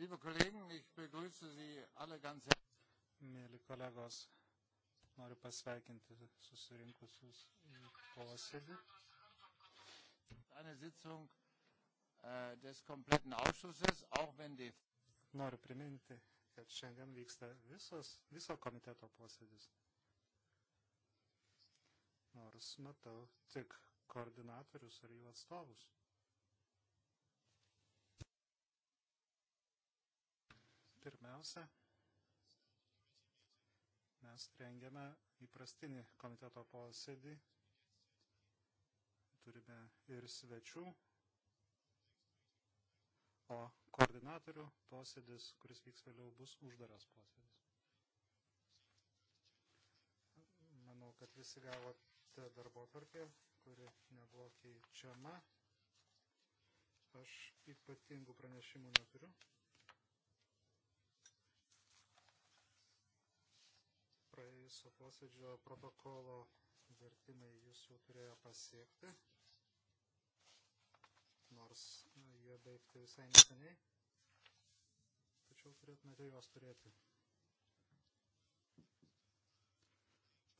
Liebe Kollegen, ich begrüße Sie alle ganz herzlich. Mėly kolegos, noriu pasveikinti susirinkusius į posėdį. Eine Sitzung äh, des kompletten Ausschusses, auch wenn die... Noriu priminti, kad šiandien vyksta visos, viso komiteto posėdis. Nors matau tik koordinatorius ar jų atstovus. Pirmiausia, mes rengiame įprastinį komiteto posėdį. Turime ir svečių, o koordinatorių posėdis, kuris vyks vėliau, bus uždaras posėdis. Manau, kad visi gavote darbo tvarkę, kuri nebuvo keičiama. Aš ypatingų pranešimų neturiu. viso posėdžio protokolo vertimai jūs jau turėjo pasiekti, nors jie baigti visai neseniai, tačiau turėtumėte juos turėti.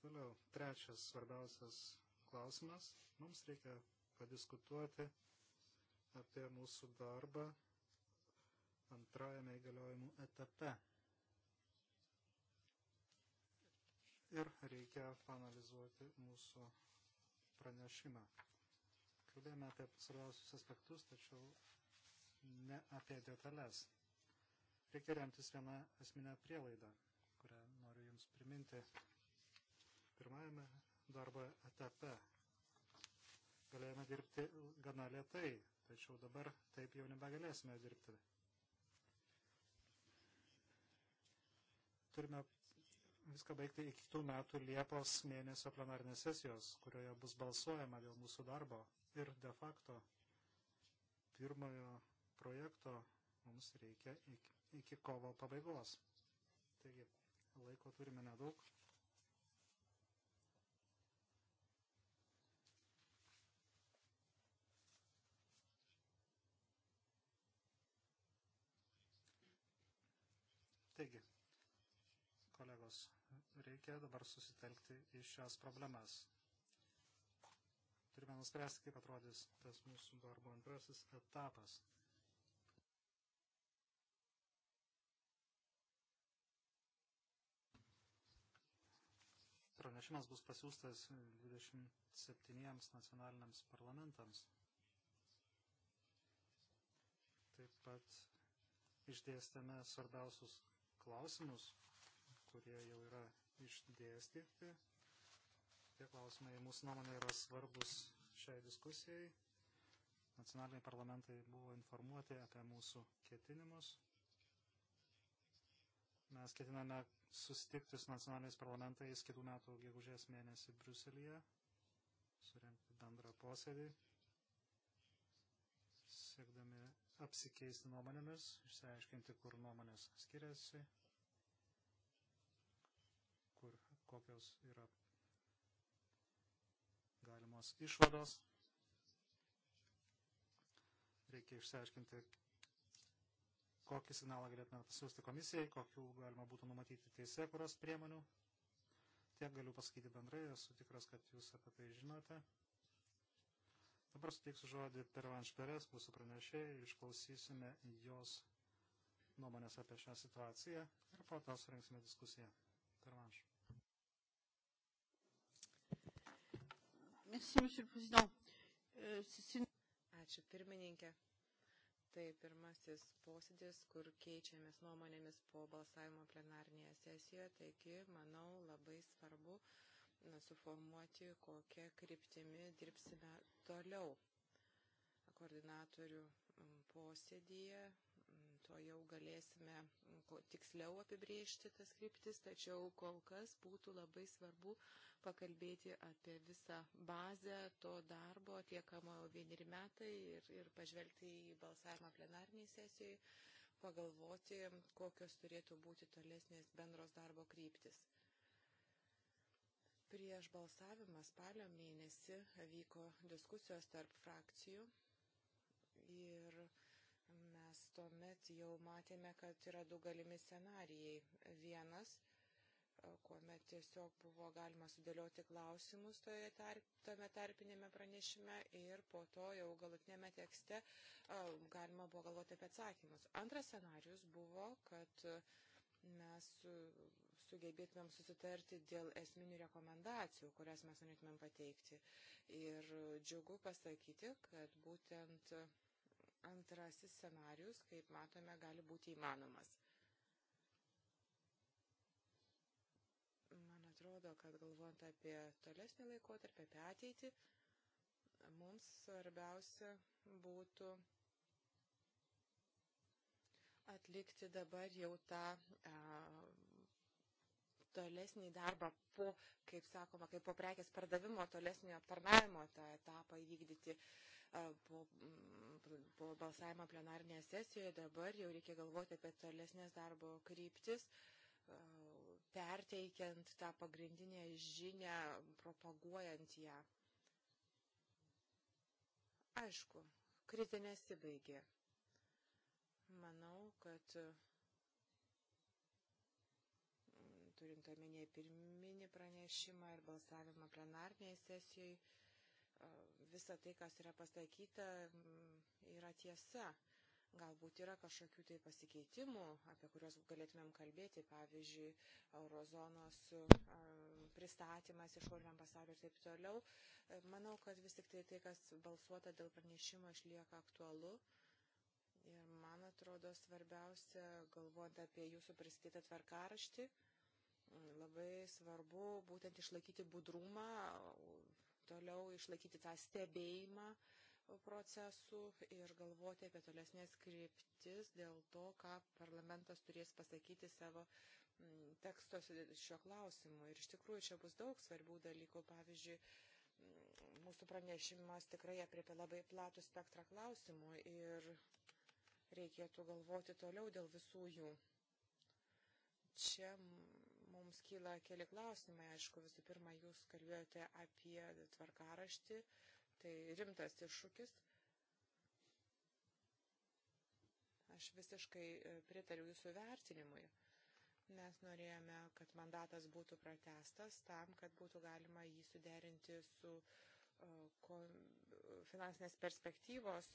Toliau, trečias svarbiausias klausimas. Mums reikia padiskutuoti apie mūsų darbą antrajame įgaliojimų etape. ir reikia panalizuoti mūsų pranešimą. Kalbėjome apie svarbiausius aspektus, tačiau ne apie detalės. Reikia remtis vieną esminę prielaidą, kurią noriu Jums priminti. Pirmajame darbo etape galėjome dirbti gana lietai, tačiau dabar taip jau nebegalėsime dirbti. Turime viską baigti iki kitų metų Liepos mėnesio plenarinės sesijos, kurioje bus balsuojama dėl mūsų darbo ir de facto pirmojo projekto mums reikia iki, iki kovo pabaigos. Taigi, laiko turime nedaug. reikia dabar susitelkti į šias problemas. Turime nuspręsti, kaip atrodys tas mūsų darbo antrasis etapas. Pranešimas bus pasiūstas 27 nacionaliniams parlamentams. Taip pat išdėstame svarbiausius klausimus, kurie jau yra išdėstyti. Tie klausimai mūsų nuomonė yra svarbus šiai diskusijai. Nacionaliniai parlamentai buvo informuoti apie mūsų ketinimus. Mes ketiname susitikti su nacionaliniais parlamentais kitų metų gegužės mėnesį Bruselėje, surenkti bendrą posėdį, siekdami apsikeisti nuomonėmis, išsiaiškinti, kur nuomonės skiriasi kokios yra galimos išvados. Reikia išsiaiškinti, kokį signalą galėtume pasiūsti komisijai, kokių galima būtų numatyti teisė, kurios priemonių. Tiek galiu pasakyti bendrai, esu tikras, kad jūs apie tai žinote. Dabar suteiksiu žodį Pervanš Perės, mūsų pranešėjai, išklausysime jos nuomonės apie šią situaciją ir po to surinksime diskusiją. Pervanš. Merci, monsieur le président. Euh, Ačiū pirmininkė. Tai pirmasis posėdis, kur keičiamės nuomonėmis po balsavimo plenarnėje sesijoje, taigi, manau, labai svarbu na, suformuoti, kokią kryptimį dirbsime toliau. Koordinatorių posėdėje to jau galėsime tiksliau apibriežti tas kryptis, tačiau kol kas būtų labai svarbu uh, pakalbėti apie visą bazę to darbo atliekamo vieneri metai ir, ir pažvelgti į balsavimą plenarniai sesijai, pagalvoti, kokios turėtų būti tolesnės bendros darbo kryptis. Prieš balsavimą spalio mėnesį vyko diskusijos tarp frakcijų ir mes tuomet jau matėme, kad yra du galimi scenarijai. Vienas kuomet tiesiog buvo galima sudėlioti klausimus toje tarp, tame tarpinėme pranešime ir po to jau galutinėme tekste galima buvo galvoti apie atsakymus. Antras scenarius buvo, kad mes sugebėtumėm susitarti dėl esminių rekomendacijų, kurias mes norėtumėm pateikti. Ir džiugu pasakyti, kad būtent antrasis scenarius, kaip matome, gali būti įmanomas. kad galvojant apie tolesnį laikotarpį, apie ateitį, mums svarbiausia būtų atlikti dabar jau tą a, tolesnį darbą po, kaip sakoma, kaip po prekės pardavimo, tolesnį aptarnavimo tą etapą įvykdyti a, po, po balsavimo plenarnėje sesijoje. Dabar jau reikia galvoti apie tolesnės darbo kryptis. A, perteikiant tą pagrindinę žinę, propaguojant ją. Aišku, krizė nesibaigė. Manau, kad mm, turint omenyje pirminį pranešimą ir balsavimą plenarnėje sesijoje, visa tai, kas yra pasakyta, mm, yra tiesa. Galbūt yra kažkokių tai pasikeitimų, apie kuriuos galėtumėm kalbėti, pavyzdžiui, eurozonos pristatymas išoriniam pasauliu ir taip toliau. E, manau, kad vis tik tai tai, kas balsuota dėl pranešimo, išlieka aktualu. Ir man atrodo svarbiausia, galvojant apie jūsų pristatytą tvarkaraštį, labai svarbu būtent išlaikyti budrumą, toliau išlaikyti tą stebėjimą, procesų ir galvoti apie tolesnės kryptis dėl to, ką parlamentas turės pasakyti savo mm, teksto šio klausimu. Ir iš tikrųjų čia bus daug svarbių dalykų. Pavyzdžiui, mm, mūsų pranešimas tikrai apriepia labai platų spektrą klausimų ir reikėtų galvoti toliau dėl visų jų. Čia mums kyla keli klausimai. Aišku, visų pirma, jūs kalbėjote apie tvarkaraštį Tai rimtas iššūkis. Aš visiškai e, pritariu jūsų vertinimui. Mes norėjome, kad mandatas būtų pratestas tam, kad būtų galima jį suderinti su e, finansinės perspektyvos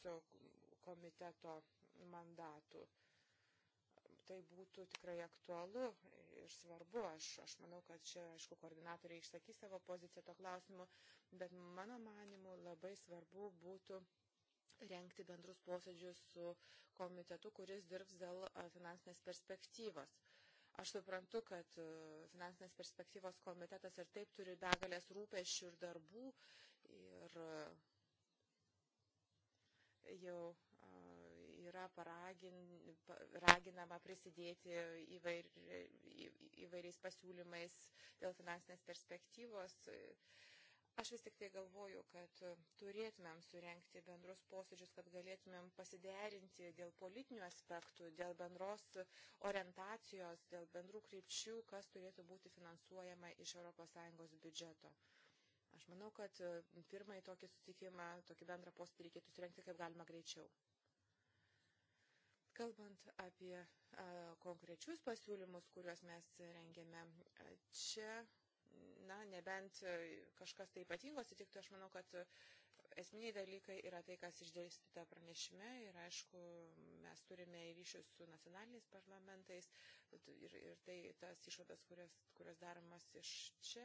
komiteto mandatu tai būtų tikrai aktualu ir svarbu. Aš, aš manau, kad čia, aišku, koordinatoriai išsakys savo poziciją to klausimu, bet mano manimu labai svarbu būtų rengti bendrus posėdžius su komitetu, kuris dirbs dėl finansinės perspektyvos. Aš suprantu, kad finansinės perspektyvos komitetas ir taip turi begalės rūpešių ir darbų ir jau yra paragin, raginama prisidėti įvair, įvairiais pasiūlymais dėl finansinės perspektyvos. Aš vis tik tai galvoju, kad turėtumėm surenkti bendrus posėdžius, kad galėtumėm pasiderinti dėl politinių aspektų, dėl bendros orientacijos, dėl bendrų krypčių, kas turėtų būti finansuojama iš ES biudžeto. Aš manau, kad pirmąjį tokį sutikimą, tokį bendrą posėdį reikėtų surenkti kaip galima greičiau. Kalbant apie konkrečius pasiūlymus, kuriuos mes rengėme čia, na, nebent kažkas tai ypatingo atsitiktų, aš manau, kad esminiai dalykai yra tai, kas išdėstyta pranešime ir, aišku, mes turime ryšius su nacionaliniais parlamentais ir, ir tai tas išvadas, kurios, kurios daromas iš čia.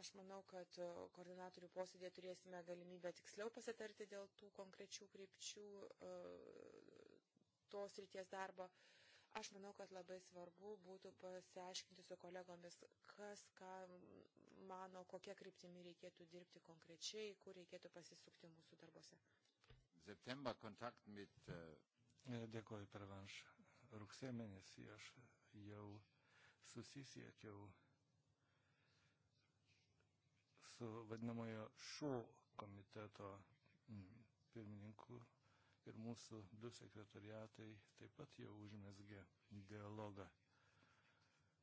Aš manau, kad e, koordinatorių posėdėje turėsime galimybę tiksliau pasitarti dėl tų konkrečių krypčių e, tos ryties darbo. Aš manau, kad labai svarbu būtų pasiaiškinti su kolegomis, kas ką mano, kokia kryptimi reikėtų dirbti konkrečiai, kur reikėtų pasisukti mūsų darbose. September kontakt mit. E, dėkoju per vanš. Rugsėjo mėnesį aš jau susisiekiau su vadinamojo šų komiteto mm, pirmininku ir mūsų du sekretariatai taip pat jau užmesgė dialogą.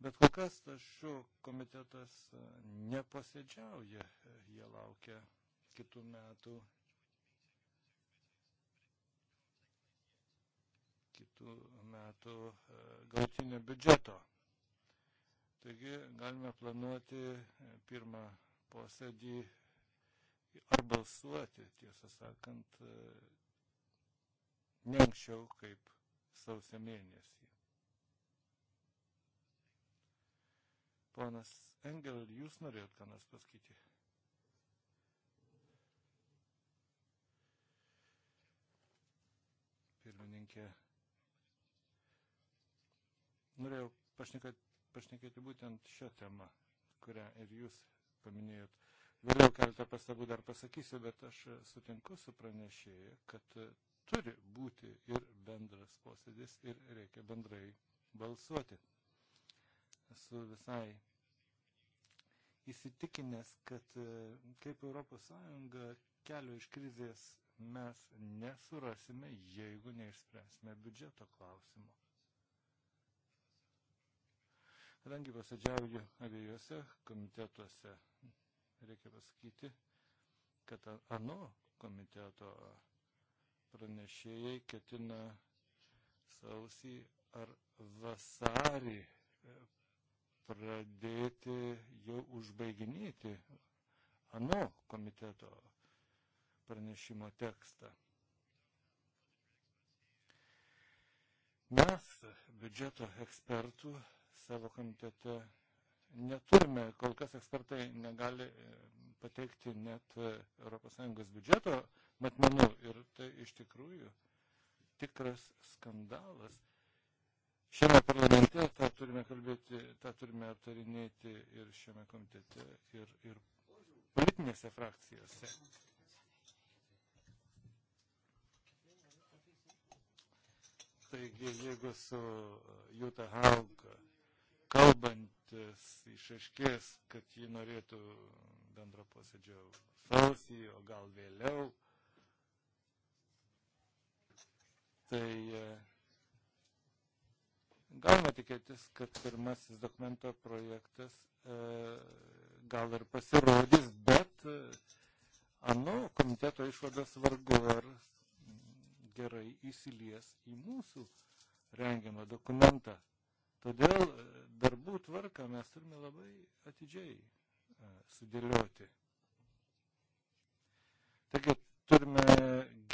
Bet kol kas tas šių komitetas e, neposėdžiauja, e, jie laukia kitų metų, kitų metų e, gautinio biudžeto. Taigi galime planuoti pirmą posėdį ar balsuoti, tiesą sakant, ne anksčiau kaip sausio mėnesį. Ponas Engel, jūs norėjot ką nors pasakyti? Pirmininkė. Norėjau pašnekėti būtent šią temą, kurią ir jūs paminėjot. Vėliau keletą pastabų dar pasakysiu, bet aš sutinku su pranešėju, kad turi būti ir bendras posėdis ir reikia bendrai balsuoti. Esu visai įsitikinęs, kad e, kaip ES kelio iš krizės mes nesurasime, jeigu neišspręsime biudžeto klausimo. Kadangi pasėdžiauju abiejose komitetuose reikia pasakyti, kad ano komiteto pranešėjai ketina sausį ar vasarį e, pradėti jau užbaiginėti ano komiteto pranešimo tekstą. Mes, biudžeto ekspertų, savo komitete neturime, kol kas ekspertai negali e, pateikti net e, ES biudžeto matmenų ir tai iš tikrųjų tikras skandalas. Šiame parlamente tą turime kalbėti, tą turime aptarinėti ir šiame komitete, ir, ir politinėse frakcijose. Taigi, jeigu su Jūta Hauga kalbantis išaiškės, kad ji norėtų bendro posėdžio sausį, o gal vėliau. Tai e, galima tikėtis, kad pirmasis dokumento projektas e, gal ir pasirodys, bet e, anu komiteto išvadas vargu ar gerai įsilies į mūsų rengiamą dokumentą. Todėl e, darbų tvarką mes turime labai atidžiai e, sudėlioti. Taigi turime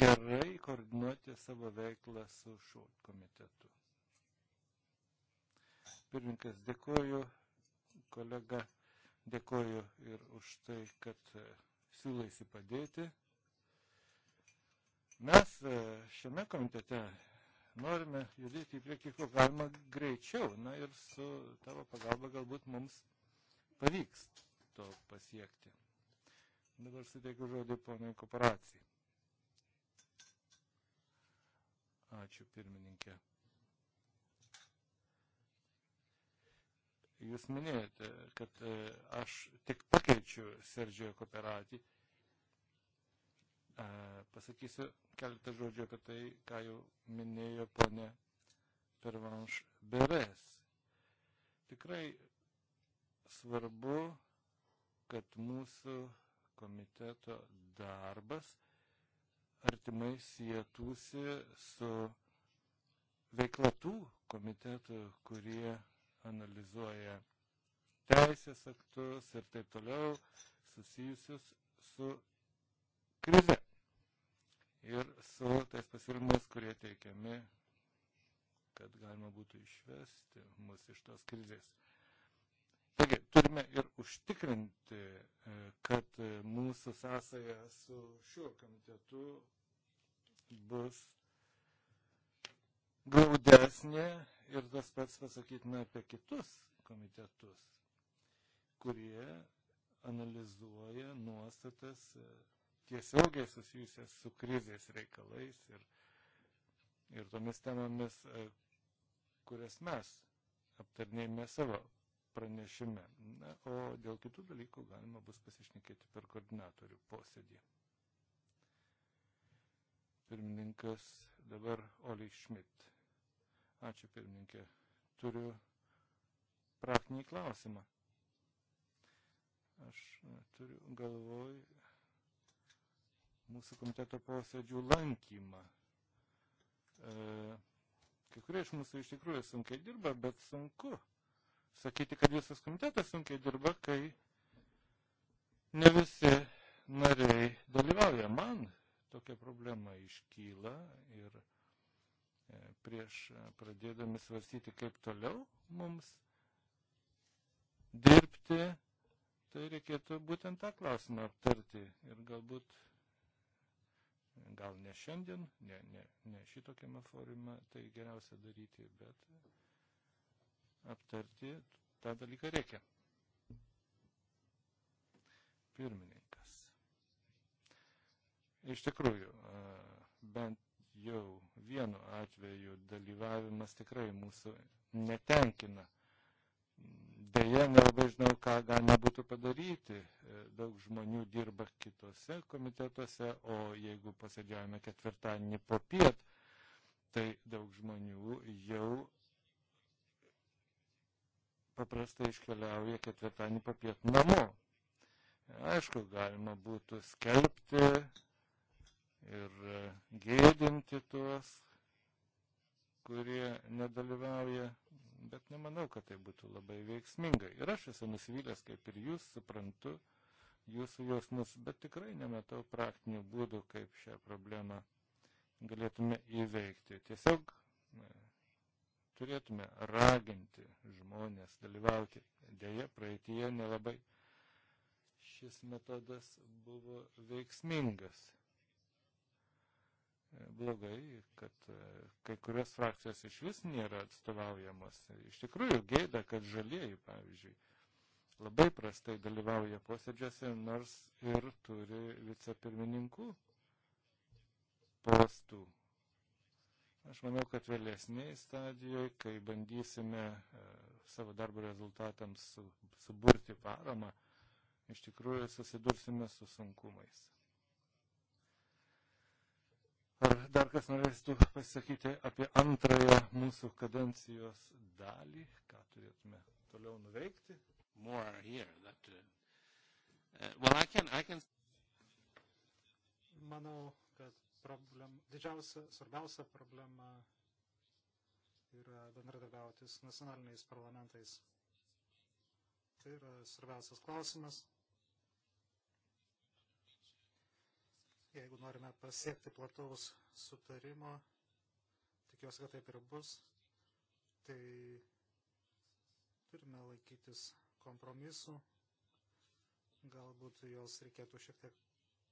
gerai koordinuoti savo veiklą su šiuo komitetu. Pirmininkas, dėkoju, kolega, dėkoju ir už tai, kad e, siūlaisi padėti. Mes šiame komitete Norime judėti į priekį, kuo galima greičiau. Na ir su tavo pagalba galbūt mums pavyks to pasiekti. Dabar suteikiu žodį ponui kooperacijai. Ačiū pirmininkė. Jūs minėjote, kad e, aš tik pakeičiu Sergio kooperatį Pasakysiu keletą žodžių apie tai, ką jau minėjo ponė Pervanš Beres. Tikrai svarbu, kad mūsų komiteto darbas artimai sietųsi su veikla tų komitetų, kurie analizuoja teisės aktus ir taip toliau susijusius su krize ir su tais pasiūlymais, kurie teikiami, kad galima būtų išvesti mus iš tos krizės. Taigi, turime ir užtikrinti, e, kad e, mūsų sąsaja su šiuo komitetu bus glaudesnė ir tas pats pasakytume apie kitus komitetus, kurie analizuoja nuostatas e, tiesiogiai susijusias su krizės reikalais ir, ir tomis temomis, e, kurias mes aptarnėjame savo pranešime. Na, o dėl kitų dalykų galima bus pasišnekėti per koordinatorių posėdį. Pirmininkas dabar Oli Šmit. Ačiū pirmininkė. Turiu praktinį klausimą. Aš e, turiu galvoj mūsų komiteto posėdžių lankymą. E, kai kurie iš mūsų iš tikrųjų sunkiai dirba, bet sunku sakyti, kad visas komitetas sunkiai dirba, kai ne visi nariai dalyvauja. Man tokia problema iškyla ir e, prieš pradėdami svarstyti, kaip toliau mums dirbti, tai reikėtų būtent tą klausimą aptarti ir galbūt gal ne šiandien, ne, ne, ne šitokiame forume tai geriausia daryti, bet aptarti tą dalyką reikia. Pirmininkas. Iš tikrųjų, bent jau vienu atveju dalyvavimas tikrai mūsų netenkina. Deja, nelabai žinau, ką galima būtų padaryti. E, daug žmonių dirba kitose komitetuose, o jeigu pasėdžiavame ketvirtadienį po piet, tai daug žmonių jau paprastai iškeliauja ketvirtadienį po piet namo. Aišku, galima būtų skelbti ir e, gėdinti tuos, kurie nedalyvauja bet nemanau, kad tai būtų labai veiksminga. Ir aš esu nusivylęs, kaip ir jūs, suprantu jūsų jausmus, bet tikrai nematau praktinių būdų, kaip šią problemą galėtume įveikti. Tiesiog turėtume raginti žmonės dalyvauti. Deja, praeitie nelabai šis metodas buvo veiksmingas blogai, kad e, kai kurios frakcijos iš vis nėra atstovaujamos. Iš tikrųjų gėda, kad žalieji, pavyzdžiui, labai prastai dalyvauja posėdžiuose, nors ir turi vicepirmininkų postų. Aš manau, kad vėlesniai stadijoje, kai bandysime e, savo darbo rezultatams suburti paramą, iš tikrųjų susidursime su sunkumais. Ar dar kas norėtų pasakyti apie antrąją mūsų kadencijos dalį, ką turėtume toliau nuveikti? More here that, uh, uh, well, I can, I can... Manau, kad problem, didžiausia, svarbiausia problema yra bendradarbiauti su nacionaliniais parlamentais. Tai yra svarbiausias klausimas. jeigu norime pasiekti plataus sutarimo, tikiuosi, kad taip ir bus, tai turime laikytis kompromisų, galbūt jos reikėtų šiek tiek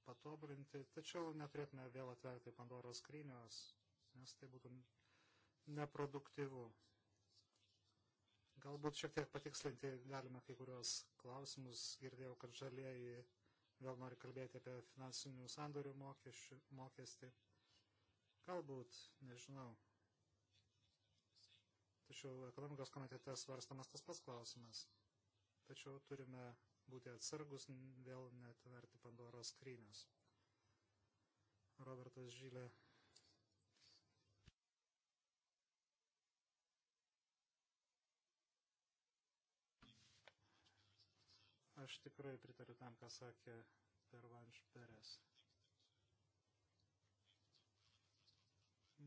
patobulinti, tačiau neturėtume vėl atverti Pandoros skrynios, nes tai būtų neproduktyvu. Galbūt šiek tiek patikslinti galime kai kurios klausimus. Girdėjau, kad žalieji vėl noriu kalbėti apie finansinių sandorių mokesčių, mokestį. Galbūt, nežinau. Tačiau ekonomikos komitete svarstamas tas pats klausimas. Tačiau turime būti atsargus, vėl netverti Pandoros skrynios. Robertas Žylė Aš tikrai pritariu tam, ką sakė Pervanš Peres.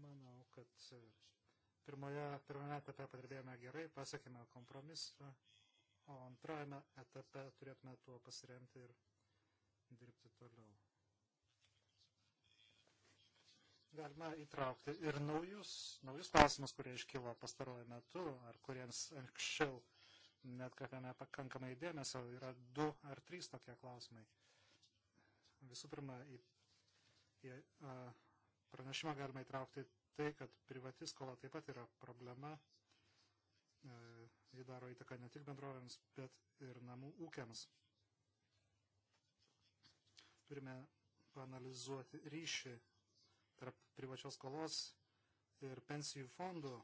Manau, kad pirmoje, pirmame etape padirbėjome gerai, pasiekėme kompromisą, o antrajame etape turėtume tuo pasiremti ir dirbti toliau. Galima įtraukti ir naujus, naujus klausimus, kurie iškilo pastaruoju metu ar kuriems anksčiau netkakame pakankamai dėmesio. Yra du ar trys tokie klausimai. Visų pirma, į, į a, pranešimą galima įtraukti tai, kad privati skola taip pat yra problema. E, jį daro įtaką ne tik bendrovėms, bet ir namų ūkiams. Turime paanalizuoti ryšį tarp privačios skolos ir pensijų fondų,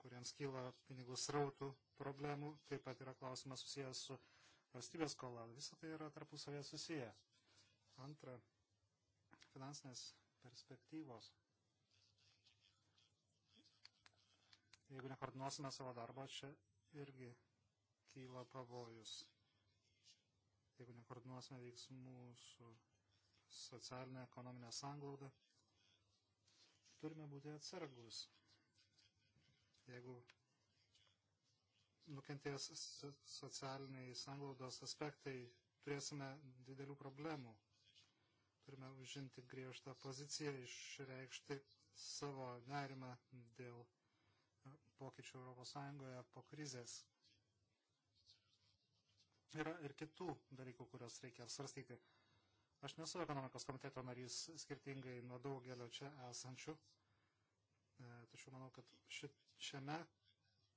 kuriems kyla pinigų srautų problemų, taip pat yra klausimas susijęs su valstybės skola. Visą tai yra tarpusavėje susiję. Antra, finansinės perspektyvos. Jeigu nekoordinuosime savo darbo, čia irgi kyla pavojus. Jeigu nekoordinuosime veiksmų su socialinė ekonominė sanglauda, turime būti atsargus. Jeigu nukentės socialiniai sanglaudos aspektai, turėsime didelių problemų. Turime užimti griežtą poziciją, išreikšti savo nerimą dėl e, pokyčių ES po krizės. Yra ir kitų dalykų, kurios reikia apsvarstyti. Aš nesu ekonomikos komiteto narys skirtingai nuo daugelio čia esančių, e, tačiau manau, kad ši, šiame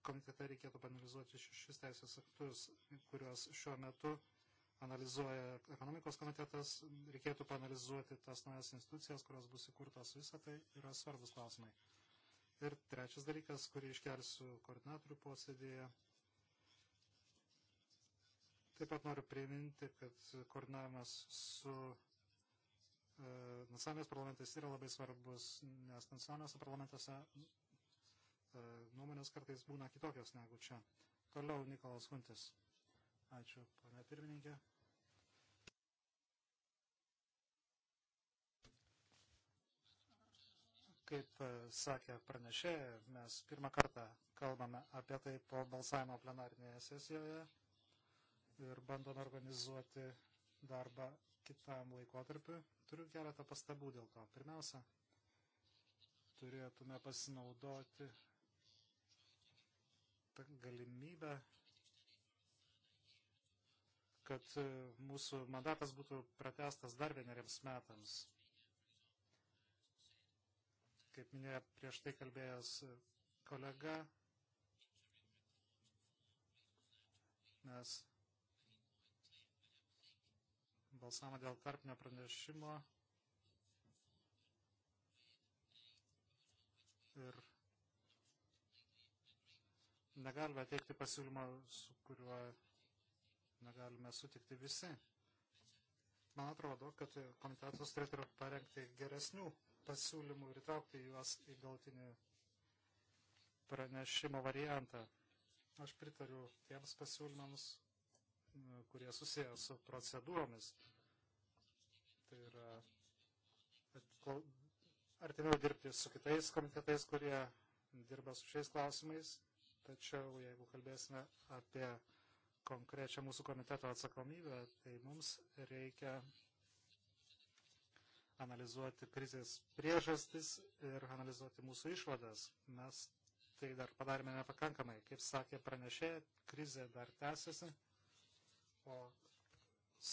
komitete reikėtų panalizuoti šešis teisės aktus, kuriuos šiuo metu analizuoja ekonomikos komitetas, reikėtų panalizuoti tas naujas institucijas, kurios bus įkurtos, visą tai yra svarbus klausimai. Ir trečias dalykas, kurį iškelsiu koordinatorių posėdėje. Taip pat noriu priminti, kad koordinavimas su e, nacionalinės parlamentais yra labai svarbus, nes nacionalinėse parlamentuose E, nuomonės kartais būna kitokios negu čia. Toliau Nikolas Huntis. Ačiū, pane pirmininkė. Kaip e, sakė pranešė, mes pirmą kartą kalbame apie tai po balsavimo plenarinėje sesijoje ir bandome organizuoti darbą kitam laikotarpiu. Turiu keletą pastabų dėl to. Pirmiausia, turėtume pasinaudoti galimybę, kad e, mūsų mandatas būtų pratestas dar vieneriams metams. Kaip minėjo prieš tai kalbėjęs kolega, mes balsavome dėl tarpinio pranešimo Negalime teikti pasiūlymą, su kuriuo negalime sutikti visi. Man atrodo, kad komitetas turėtų parengti geresnių pasiūlymų ir įtraukti juos į galtinį pranešimo variantą. Aš pritariu tiems pasiūlymams, kurie susiję su procedūromis. Tai yra artimiau dirbti su kitais komitetais, kurie dirba su šiais klausimais Tačiau jeigu kalbėsime apie konkrečią mūsų komiteto atsakomybę, tai mums reikia analizuoti krizės priežastis ir analizuoti mūsų išvadas. Mes tai dar padarėme nepakankamai. Kaip sakė pranešė, krizė dar tęsiasi, o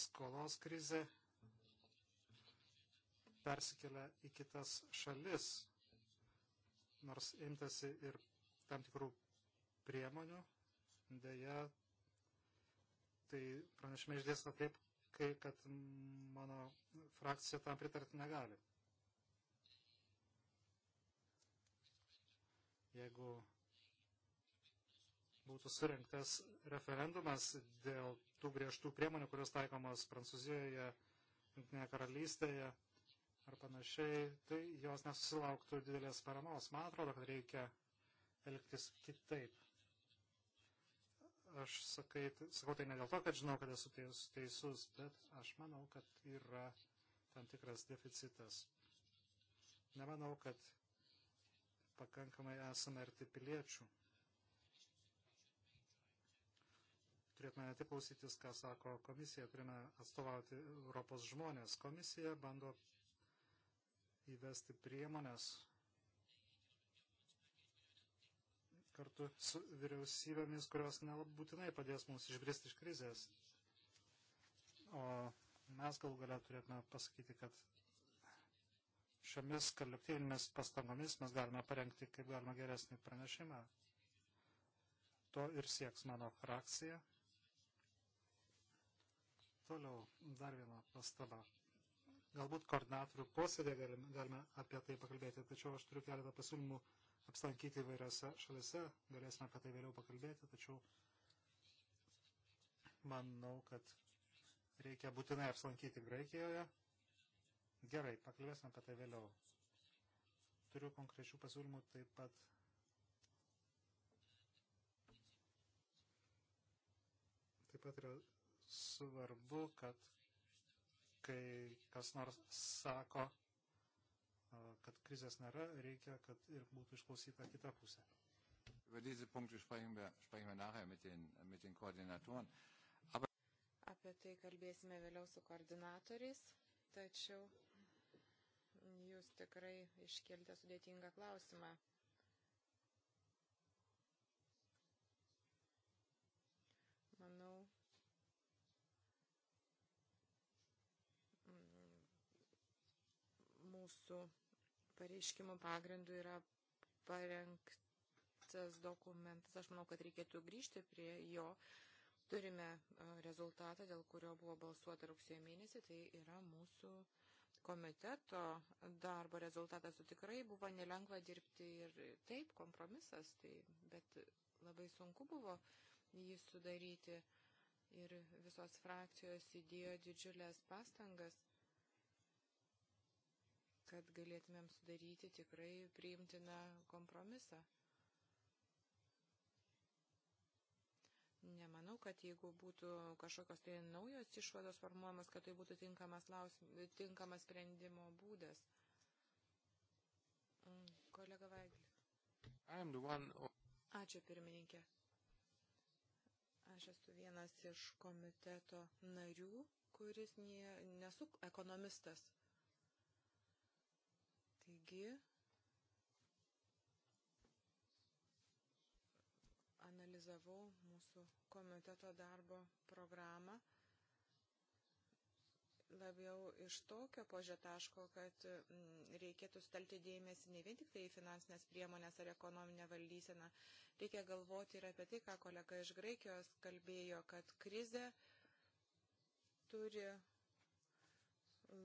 skolos krizė persikelia į kitas šalis, nors imtasi ir tam tikrų priemonių. Deja, tai pranešime išdėsta taip, kai, kad mano frakcija tam pritarti negali. Jeigu būtų surinktas referendumas dėl tų griežtų priemonių, kurios taikomos Prancūzijoje, Junktinėje karalystėje ar panašiai, tai jos nesusilauktų didelės paramos. Man atrodo, kad reikia elgtis kitaip aš sakai, sakau tai ne dėl to, kad žinau, kad esu teisus, bet aš manau, kad yra tam tikras deficitas. Nemanau, kad pakankamai esame arti piliečių. Turėtume ne tik klausytis, ką sako komisija, turime atstovauti Europos žmonės. Komisija bando įvesti priemonės, kartu su vyriausybėmis, kurios nebūtinai padės mums išbristi iš krizės. O mes gal galia turėtume pasakyti, kad šiomis kolektyvinėmis pastangomis mes galime parengti kaip galima geresnį pranešimą. To ir sieks mano frakcija. Toliau dar viena pastaba. Galbūt koordinatorių posėdė galime, galime apie tai pakalbėti, tačiau aš turiu keletą pasiūlymų apsilankyti įvairiose šalise, galėsime apie tai vėliau pakalbėti, tačiau manau, kad reikia būtinai apsilankyti Graikijoje. Gerai, pakalbėsime apie tai vėliau. Turiu konkrečių pasiūlymų taip pat. Taip pat yra svarbu, kad kai kas nors sako, kad krizės nėra, reikia, kad ir būtų išklausyta kita pusė. Apie tai kalbėsime vėliau su koordinatoriais, tačiau jūs tikrai iškeltė sudėtingą klausimą. Manau, mūsų pareiškimo pagrindu yra parengtas dokumentas. Aš manau, kad reikėtų grįžti prie jo. Turime e, rezultatą, dėl kurio buvo balsuota rugsėjo mėnesį. Tai yra mūsų komiteto darbo rezultatas. Tikrai buvo nelengva dirbti ir taip, kompromisas, tai, bet labai sunku buvo jį sudaryti. Ir visos frakcijos įdėjo didžiulės pastangas kad galėtumėm sudaryti tikrai priimtiną kompromisą. Nemanau, kad jeigu būtų kažkokios tai naujos išvados formuojamas, kad tai būtų tinkamas, laus, tinkamas sprendimo būdas. Mm, kolega Vaiglis. One... Ačiū pirmininkė. Aš esu vienas iš komiteto narių, kuris nie, nesu ekonomistas. Taigi, analizavau mūsų komiteto darbo programą labiau iš tokio požiūrėtaško, kad mm, reikėtų stelti dėmesį ne vien tik tai į finansinės priemonės ar ekonominę valdyseną. Reikia galvoti ir apie tai, ką kolega iš Graikijos kalbėjo, kad krize turi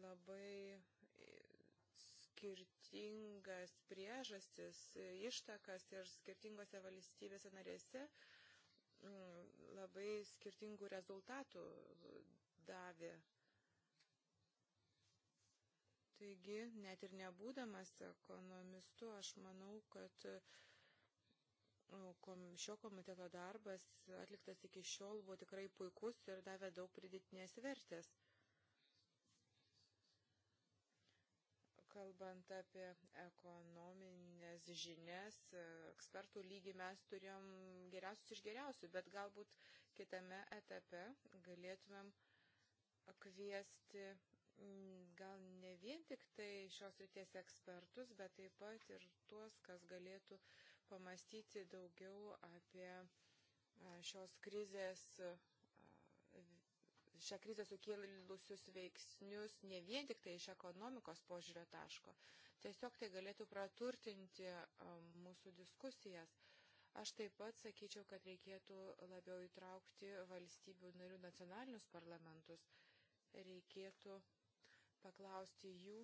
labai skirtingas priežastis, ištakas ir skirtingose valstybėse narėse mm, labai skirtingų rezultatų davė. Taigi, net ir nebūdamas ekonomistu, aš manau, kad nu, šio komiteto darbas atliktas iki šiol buvo tikrai puikus ir davė daug pridėtinės vertės. Kalbant apie ekonominės žinias, ekspertų lygį mes turėjom geriausius iš geriausių, bet galbūt kitame etape galėtumėm kviesti mm, gal ne vien tik tai šios ryties ekspertus, bet taip pat ir tuos, kas galėtų pamastyti daugiau apie šios krizės šią krizę sukėlusius veiksnius ne vien tik tai iš ekonomikos požiūrio taško. Tiesiog tai galėtų praturtinti mūsų diskusijas. Aš taip pat sakyčiau, kad reikėtų labiau įtraukti valstybių narių nacionalinius parlamentus. Reikėtų paklausti jų,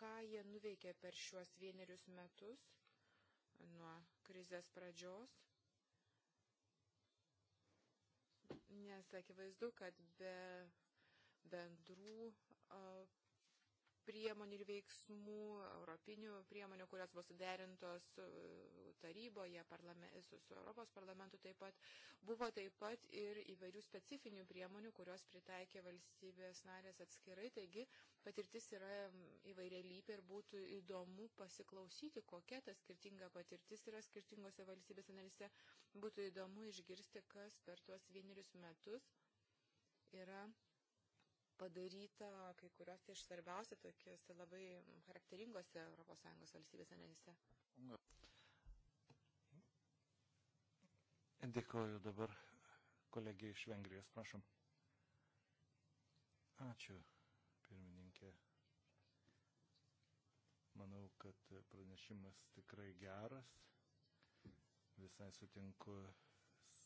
ką jie nuveikė per šiuos vienerius metus nuo krizės pradžios nes akivaizdu, kad be bendrų priemonių ir veiksmų, europinių priemonių, kurios bus suderintos taryboje, su, su Europos parlamentu taip pat, buvo taip pat ir įvairių specifinių priemonių, kurios pritaikė valstybės narės atskirai, taigi patirtis yra įvairia lypė ir būtų įdomu pasiklausyti, kokia ta skirtinga patirtis yra skirtingose valstybėse narėse. Būtų įdomu išgirsti, kas per tuos vienerius metus yra padaryta kai kuriuose iš svarbiausia tokiuose labai charakteringose ES valstybėse narėse. Dėkoju dabar kolegijai iš Vengrijos, prašom. Ačiū, pirmininkė. Manau, kad pranešimas tikrai geras visai sutinku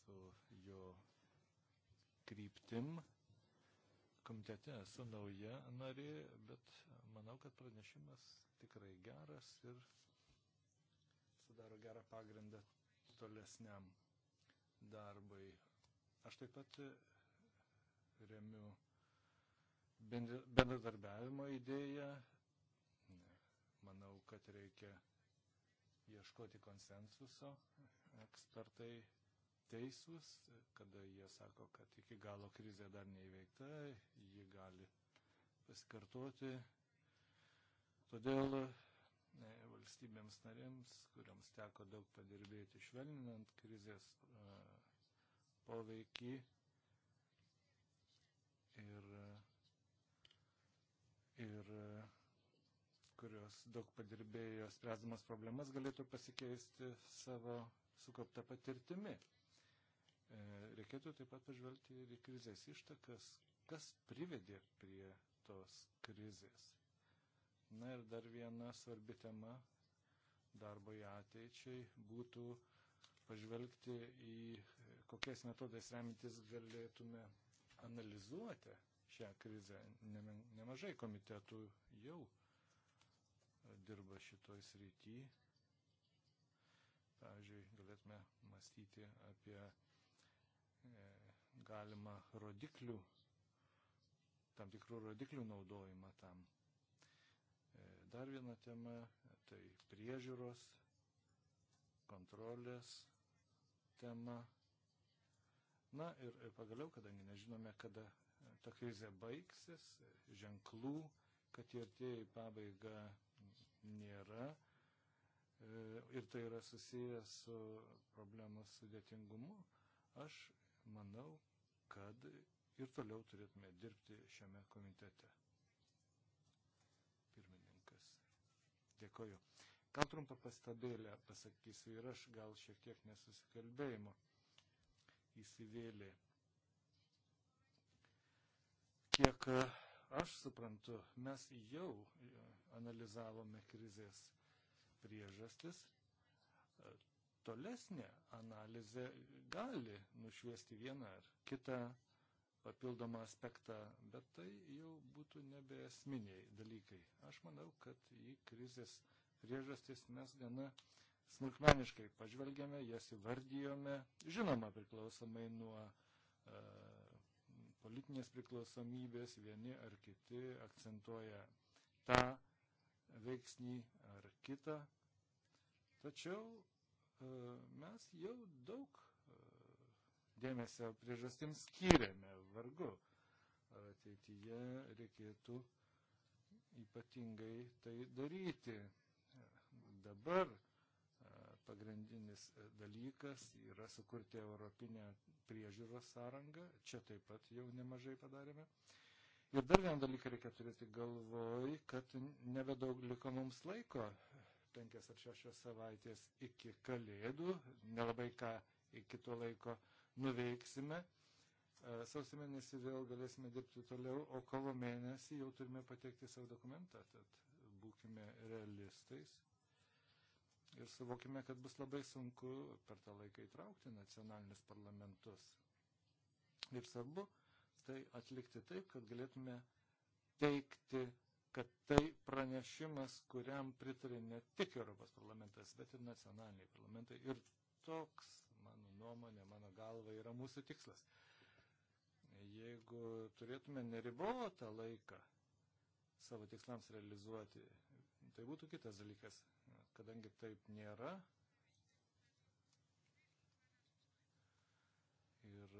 su jo kryptim. Komitete esu nauja narė, bet manau, kad pranešimas tikrai geras ir sudaro gerą pagrindą tolesniam darbui. Aš taip pat remiu bendradarbiavimo idėją. Manau, kad reikia ieškoti konsensuso ekspertai teisūs, kada jie sako, kad iki galo krizė dar neįveikta, ji gali pasikartoti. Todėl valstybėms narėms, kuriams teko daug padirbėti švelninant krizės e, poveikį ir, ir kurios daug padirbėjo spręsdamas problemas, galėtų pasikeisti savo sukauptą patirtimi. E, reikėtų taip pat pažvelgti ir į krizės ištakas, kas privedė prie tos krizės. Na ir dar viena svarbi tema darbo į ateičiai būtų pažvelgti į kokiais metodais remintis galėtume analizuoti šią krizę. Nemažai komitetų jau dirba šitoj srity. Pavyzdžiui, galėtume mąstyti apie e, galima rodiklių, tam tikrų rodiklių naudojimą tam. E, dar viena tema - tai priežiūros, kontrolės tema. Na ir pagaliau, kadangi nežinome, kada e, ta krizė baigsis, ženklų, kad ir tie į pabaigą nėra. E, ir tai yra susijęs su problemos sudėtingumu. Aš manau, kad ir toliau turėtume dirbti šiame komitete. Pirmininkas. Dėkoju. Gal trumpą pastabėlę pasakysiu ir aš gal šiek tiek nesusikalbėjimo įsivėlė. Kiek e, aš suprantu, mes jau e, analizavome krizės priežastis, e, tolesnė analizė gali nušviesti vieną ar kitą papildomą aspektą, bet tai jau būtų nebe esminiai dalykai. Aš manau, kad į krizės priežastis mes gana smulkmeniškai pažvelgėme, jas įvardyjome, žinoma, priklausomai nuo e, politinės priklausomybės, vieni ar kiti akcentuoja tą veiksnį ar kitą. Tačiau e, mes jau daug e, dėmesio priežastims skiriame vargu. Ar ateityje reikėtų ypatingai tai daryti. Dabar e, pagrindinis dalykas yra sukurti Europinę priežiūros sąrangą. Čia taip pat jau nemažai padarėme. Ir dar vieną dalyką reikia turėti galvoj, kad nebedaug liko mums laiko, penkias ar šešias savaitės iki kalėdų, nelabai ką iki to laiko nuveiksime. E, sausio mėnesį vėl galėsime dirbti toliau, o kovo mėnesį jau turime pateikti savo dokumentą, tad būkime realistais ir suvokime, kad bus labai sunku per tą laiką įtraukti nacionalinius parlamentus. Ir svarbu, tai atlikti taip, kad galėtume teikti, kad tai pranešimas, kuriam pritarė ne tik Europos parlamentas, bet ir nacionaliniai parlamentai. Ir toks, mano nuomonė, mano galva, yra mūsų tikslas. Jeigu turėtume neribotą laiką savo tikslams realizuoti, tai būtų kitas dalykas. Kadangi taip nėra, ir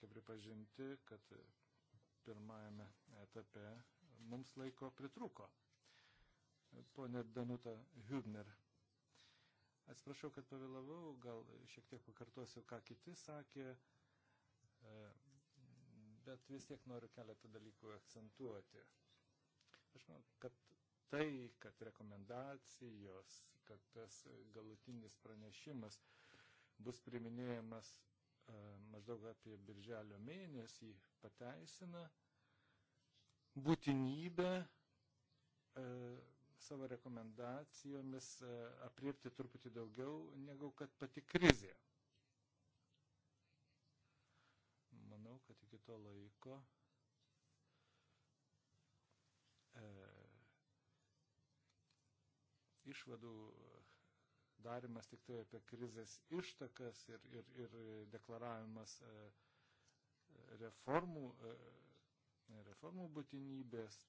reikia pripažinti, kad pirmajame etape mums laiko pritruko. Pone Danuta Hübner. Atsiprašau, kad pavėlavau, gal šiek tiek pakartosiu, ką kiti sakė, e, bet vis tiek noriu keletą dalykų akcentuoti. Aš manau, kad tai, kad rekomendacijos, kad tas galutinis pranešimas bus priminėjamas E, maždaug apie birželio mėnesį pateisina būtinybę e, savo rekomendacijomis e, apriepti truputį daugiau negu kad pati krizė. Manau, kad iki to laiko e, išvadų e, darimas tik tai apie krizės ištakas ir, ir, ir deklaravimas e, e, reformų, e, reformų būtinybės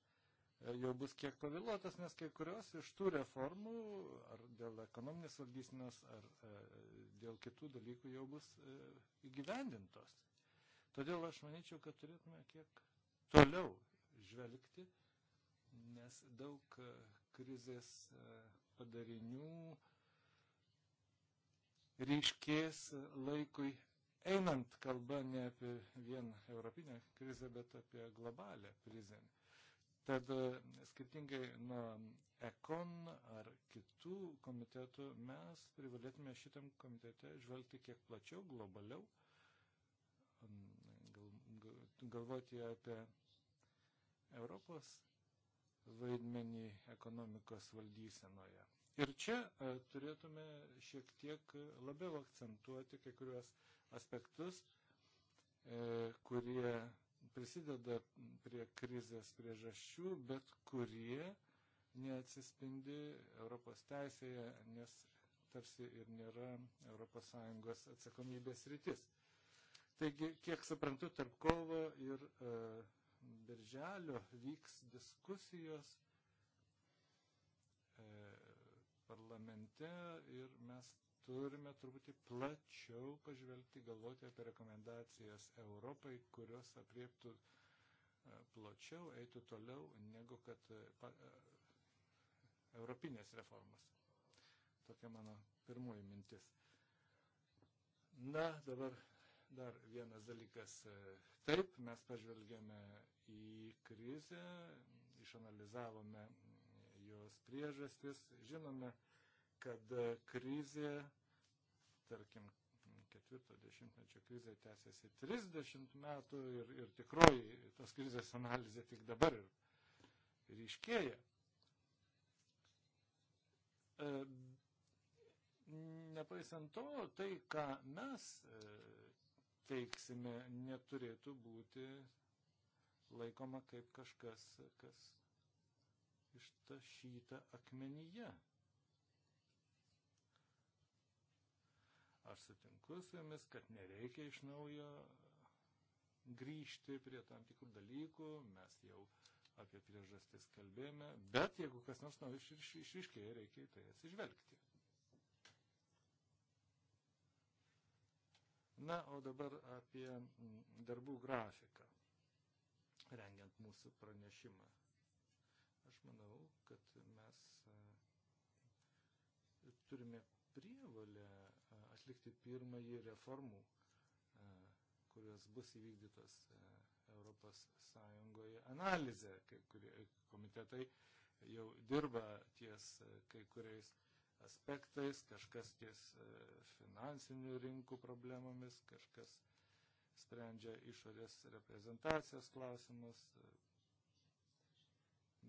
jau bus kiek pavėluotas, nes kai kurios iš tų reformų, ar dėl ekonominės valdysinos, ar dėl kitų dalykų jau bus įgyvendintos. Todėl aš manyčiau, kad turėtume kiek toliau žvelgti, nes daug krizės padarinių ryškės laikui einant kalba ne apie vien europinę krizę, bet apie globalę krizę. Tad e, skirtingai nuo ekon ar kitų komitetų mes privalėtume šitam komitete žvelgti kiek plačiau, globaliau, galvoti apie Europos vaidmenį ekonomikos valdysenoje. Ir čia e, turėtume šiek tiek labiau akcentuoti kai kuriuos aspektus, e, kurie prisideda prie krizės priežasčių, bet kurie neatsispindi Europos teisėje, nes tarsi ir nėra ES atsakomybės rytis. Taigi, kiek suprantu, tarp kovo ir e, birželio vyks diskusijos e, parlamente ir mes turime truputį plačiau pažvelgti, galvoti apie rekomendacijas Europai, kurios apriektų e, plačiau, eitų toliau negu kad e, pa, e, europinės reformas. Tokia mano pirmoji mintis. Na, dabar dar vienas dalykas. Taip, mes pažvelgėme į krizę, išanalizavome jos priežastis. Žinome, kad krizė, tarkim, ketvirto dešimtmečio krizė tęsiasi 30 metų ir, ir tikroji tos krizės analizė tik dabar ir ryškėja. E, nepaisant to, tai, ką mes e, teiksime, neturėtų būti laikoma kaip kažkas, kas ištašyta akmenyje. Aš sutinku su jumis, kad nereikia iš naujo grįžti prie tam tikrų dalykų, mes jau apie priežastis kalbėjome, bet jeigu kas nors naujo išriškėja, reikia į tai atsižvelgti. Na, o dabar apie darbų grafiką, rengiant mūsų pranešimą. Aš manau, kad mes e, turime prievalę e, atlikti pirmąjį reformų, e, kurios bus įvykdytos Europos Sąjungoje analizę, kai kurie komitetai jau dirba ties kai kuriais aspektais, kažkas ties finansinių rinkų problemomis, kažkas sprendžia išorės reprezentacijos klausimus,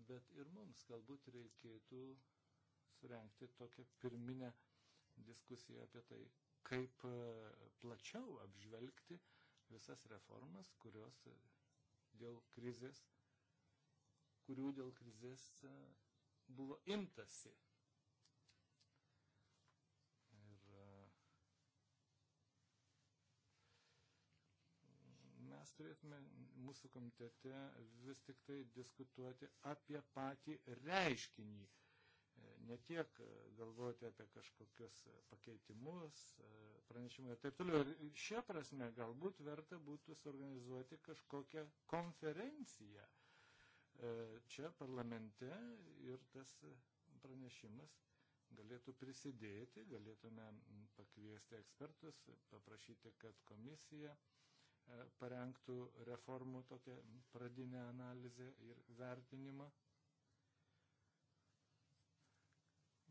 bet ir mums galbūt reikėtų surenkti tokią pirminę diskusiją apie tai, kaip e, plačiau apžvelgti visas reformas, kurios dėl krizės, kurių dėl krizės e, buvo imtasi turėtume mūsų komitete vis tik tai diskutuoti apie patį reiškinį. E, ne tiek e, galvoti apie kažkokius e, pakeitimus, pranešimą ir taip toliau. Ir šia prasme galbūt verta būtų suorganizuoti kažkokią konferenciją čia parlamente ir tas pranešimas galėtų prisidėti, galėtume pakviesti ekspertus, paprašyti, kad komisija E, parengtų reformų tokią pradinę analizę ir vertinimą,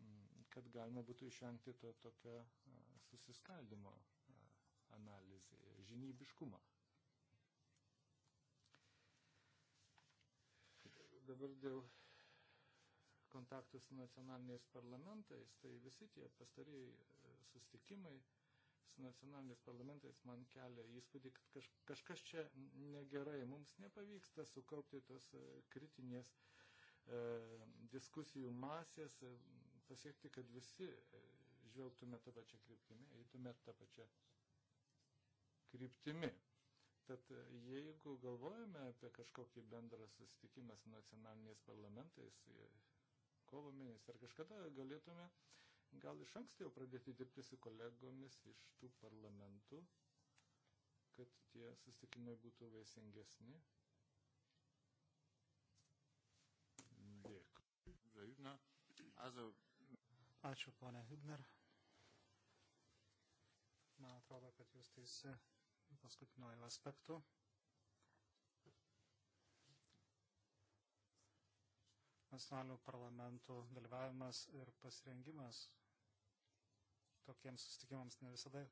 mm, kad galima būtų išvengti to tokio e, susiskaldimo e, analizėje, žinybiškumą. Dabar dėl kontaktų su nacionaliniais parlamentais, tai visi tie pastarėjai sustikimai su nacionaliniais parlamentais man kelia įspūdį, kad kaž, kažkas čia negerai. Mums nepavyksta sukaupti tos e, kritinės e, diskusijų masės, e, pasiekti, kad visi e, žvelgtume tą pačią kryptimį, eitume tą pačią kryptimį. Tad jeigu galvojame apie kažkokį bendrą susitikimą su nacionaliniais parlamentais kovo mėnesį ar kažkada galėtume uh, gal iš anksto jau pradėti dirbti su kolegomis iš tų parlamentų, kad tie susitikimai būtų vaisingesni. Ačiū, ponė Hübner. Man atrodo, kad jūs teisi paskutiniuoju aspektu. nacionalinių parlamentų dalyvavimas ir pasirengimas tokiems sustikimams ne visada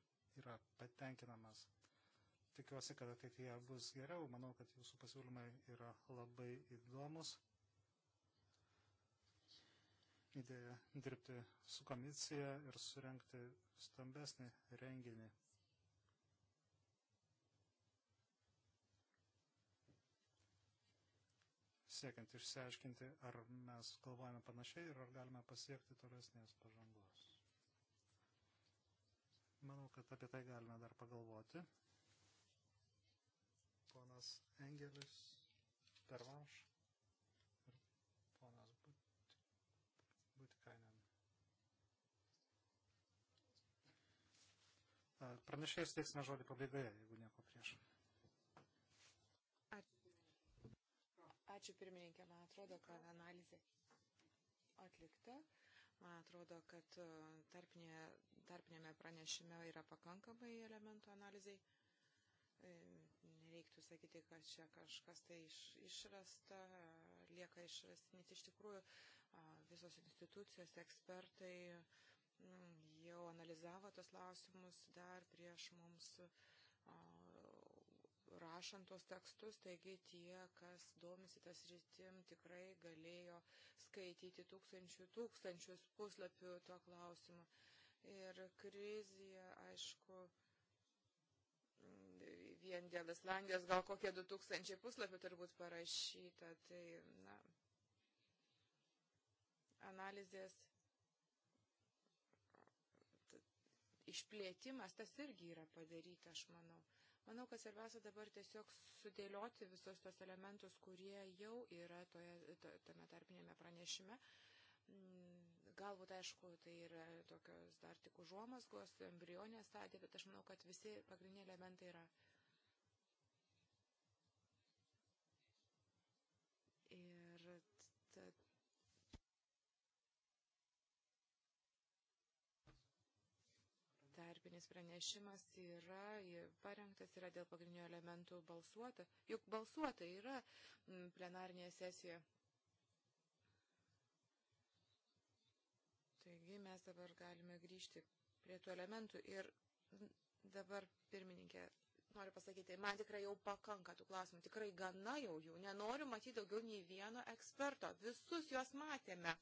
yra patenkinamas. Tikiuosi, kad ateityje bus geriau. Manau, kad jūsų pasiūlymai yra labai įdomus. Idėja dirbti su komisija ir surenkti stambesnį renginį. Siekiant išsiaiškinti, ar mes galvojame panašiai ir ar galime pasiekti tolesnės pažangos. Manau, kad apie tai galime dar pagalvoti. Ponas Engelis, Pervanš ir ponas Butikainen. Pranešėjus teiksime žodį pabaigoje, jeigu nieko prieš. Ačiū pirmininkė, man atrodo, kad analizė atlikta. Man atrodo, kad tarpinė tarpinėme pranešime yra pakankamai elementų analizai. E, nereiktų sakyti, kad čia kažkas tai iš, išrasta, lieka išrasti, nes iš tikrųjų visos institucijos, ekspertai mm, jau analizavo tos lausimus dar prieš mums rašant tuos tekstus, taigi tie, kas domisi tas rytim, tikrai galėjo skaityti tūkstančių, tūkstančius puslapių to klausimu ir krizė, aišku, vien dėl Islandijos gal kokie 2000 puslapių turbūt parašyta, tai, na, analizės išplėtimas, tas irgi yra padaryta, aš manau. Manau, kad svarbiausia dabar tiesiog sudėlioti visus tos elementus, kurie jau yra toje, to, tame tarpinėme pranešime. Galbūt, aišku, tai yra tokios dar tik užuomasgos, embrionė stadija, bet aš manau, kad visi pagrindiniai elementai yra. Ir tad. Tarpinis pranešimas yra parengtas, yra dėl pagrindinių elementų balsuota. Juk balsuota yra mm, plenarinėje sesijoje. Taigi mes dabar galime grįžti prie tų elementų ir dabar pirmininkė. Noriu pasakyti, man tikrai jau pakanka tų klausimų, tikrai gana jau jų, nenoriu matyti daugiau nei vieno eksperto, visus juos matėme.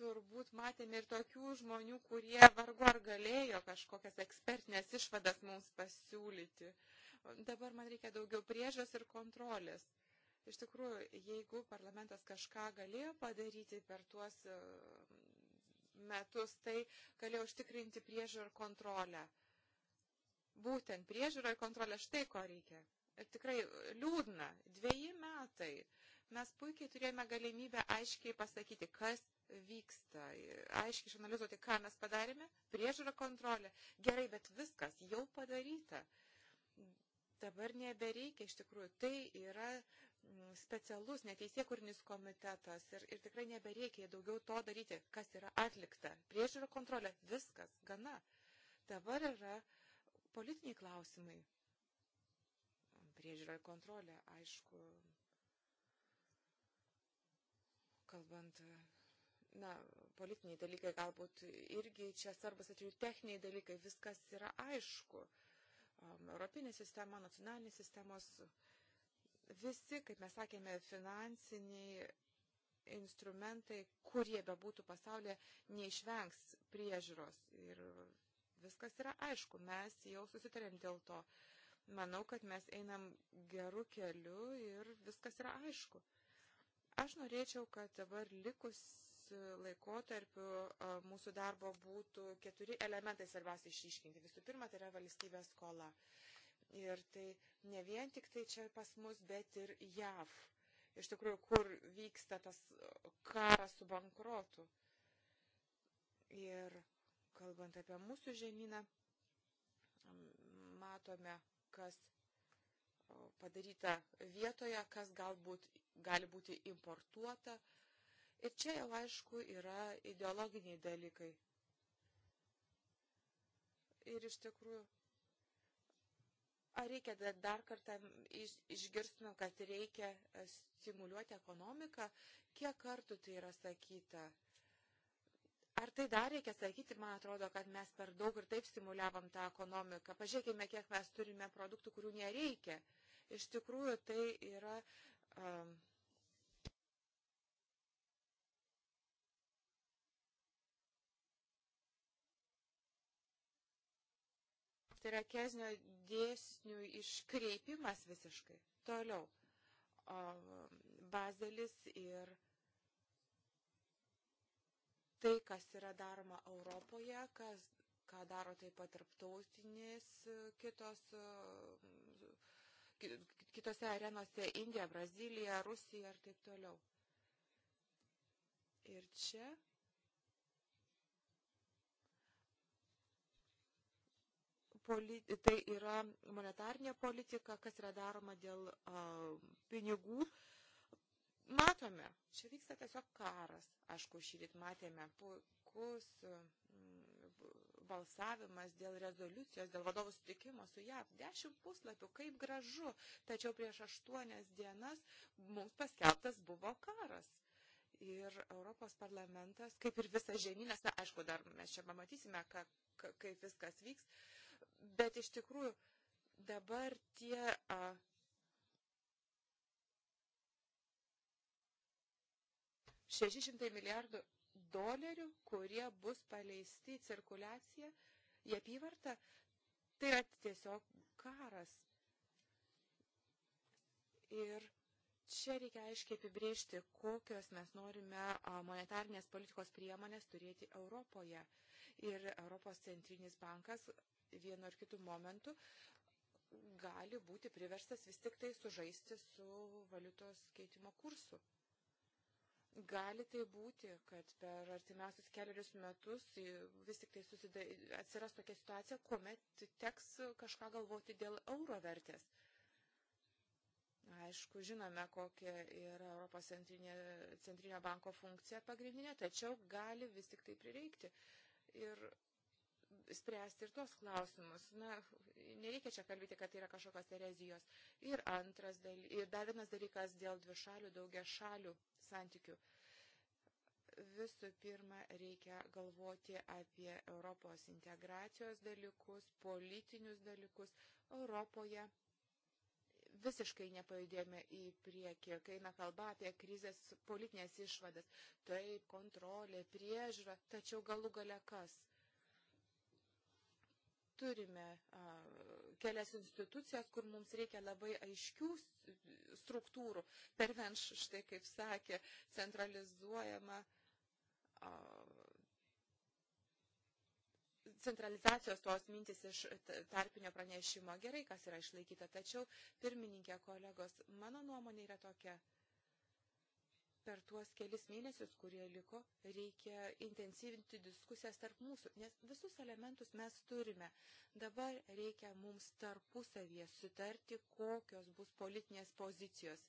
Turbūt matėme ir tokių žmonių, kurie vargu ar galėjo kažkokias ekspertinės išvadas mums pasiūlyti. Dabar man reikia daugiau priežas ir kontrolės. Iš tikrųjų, jeigu parlamentas kažką galėjo padaryti per tuos e, metus, tai galėjo užtikrinti priežiūrą ir kontrolę. Būtent priežiūrą ir kontrolę štai ko reikia. Ir tikrai liūdna, dviejai metai. Mes puikiai turėjome galimybę aiškiai pasakyti, kas vyksta, aiškiai išanalizuoti, ką mes padarėme, priežiūrą kontrolę. Gerai, bet viskas jau padaryta dabar nebereikia iš tikrųjų. Tai yra specialus neteisėkurnis komitetas ir, ir tikrai nebereikia daugiau to daryti, kas yra atlikta. Priežiūra kontrolė, viskas, gana. Dabar yra politiniai klausimai. Priežiūra ir kontrolė, aišku, kalbant, na, politiniai dalykai galbūt irgi čia svarbus atveju techniniai dalykai, viskas yra aišku. Europinė sistema, nacionalinės sistemos Visi, kaip mes sakėme, finansiniai instrumentai, kurie bebūtų pasaulyje, neišvengs priežiūros. Ir viskas yra aišku, mes jau susitarėm dėl to. Manau, kad mes einam gerų kelių ir viskas yra aišku. Aš norėčiau, kad dabar likus laikotarpiu mūsų darbo būtų keturi elementai svarbiausia išryškinti. Visų pirma, tai yra valstybės skola. Ir tai ne vien tik tai čia pas mus, bet ir JAV. Iš tikrųjų, kur vyksta tas karas su bankrotu. Ir kalbant apie mūsų žemyną, matome, kas padaryta vietoje, kas galbūt gali būti importuota. Ir čia jau aišku yra ideologiniai dalykai. Ir iš tikrųjų Ar reikia dar kartą išgirstume, nu, kad reikia e, stimuliuoti ekonomiką? Kiek kartų tai yra sakyta? Ar tai dar reikia sakyti, man atrodo, kad mes per daug ir taip stimuliavam tą ekonomiką. Pažiūrėkime, kiek mes turime produktų, kurių nereikia. Iš tikrųjų, tai yra. Um, tai yra kezinio dėsnių iškreipimas visiškai. Toliau. O, bazelis ir tai, kas yra daroma Europoje, kas, ką daro taip pat tarptautinės e, kitos, e, kitose arenose Indija, Brazilija, Rusija ir taip toliau. Ir čia politi, tai yra monetarnė politika, kas yra daroma dėl a, pinigų. Matome, čia vyksta tiesiog karas. Aišku, šį rytą matėme puikus balsavimas dėl rezoliucijos, dėl vadovų sutikimo su JAV. Dešimt puslapių, kaip gražu. Tačiau prieš aštuonias dienas mums paskelbtas buvo karas. Ir Europos parlamentas, kaip ir visas žemynas, na, aišku, dar mes čia pamatysime, ka, ka, kaip viskas vyks, uh, Bet iš tikrųjų dabar tie. A, Šeši šimtai milijardų dolerių, kurie bus paleisti į cirkuliaciją, į apyvartą, tai yra tiesiog karas. Ir čia reikia aiškiai apibriežti, kokios mes norime monetarnės politikos priemonės turėti Europoje. Ir Europos centrinis bankas vienu ar kitu momentu gali būti priverstas vis tik tai sužaisti su valiutos keitimo kursu. Gali tai būti, kad per artimiausius keliarius metus vis tik tai susidai, atsiras tokia situacija, kuomet teks kažką galvoti dėl euro vertės. Aišku, žinome, kokia yra Europos centrinė, centrinio banko funkcija pagrindinė, tačiau gali vis tik tai prireikti. Ir spręsti ir tos klausimus. Na, nereikia čia kalbėti, kad yra kažkokios erezijos. Ir, antras daly, ir dar vienas dalykas dėl dvišalių, daugia šalių santykių. Visų pirma, reikia galvoti apie Europos integracijos dalykus, politinius dalykus Europoje. Visiškai nepajudėjome į priekį, kai eina kalba apie krizės politinės išvadas. Taip, kontrolė, priežiūra, tačiau galų gale kas? turime kelias institucijas, kur mums reikia labai aiškių struktūrų. Pervenš, štai kaip sakė, centralizuojama centralizacijos tos mintis iš tarpinio pranešimo gerai, kas yra išlaikyta. Tačiau, pirmininkė, kolegos, mano nuomonė yra tokia, per tuos kelis mėnesius, kurie liko, reikia intensyvinti diskusijas tarp mūsų, nes visus elementus mes turime. Dabar reikia mums tarpusavėje sutarti, kokios bus politinės pozicijos.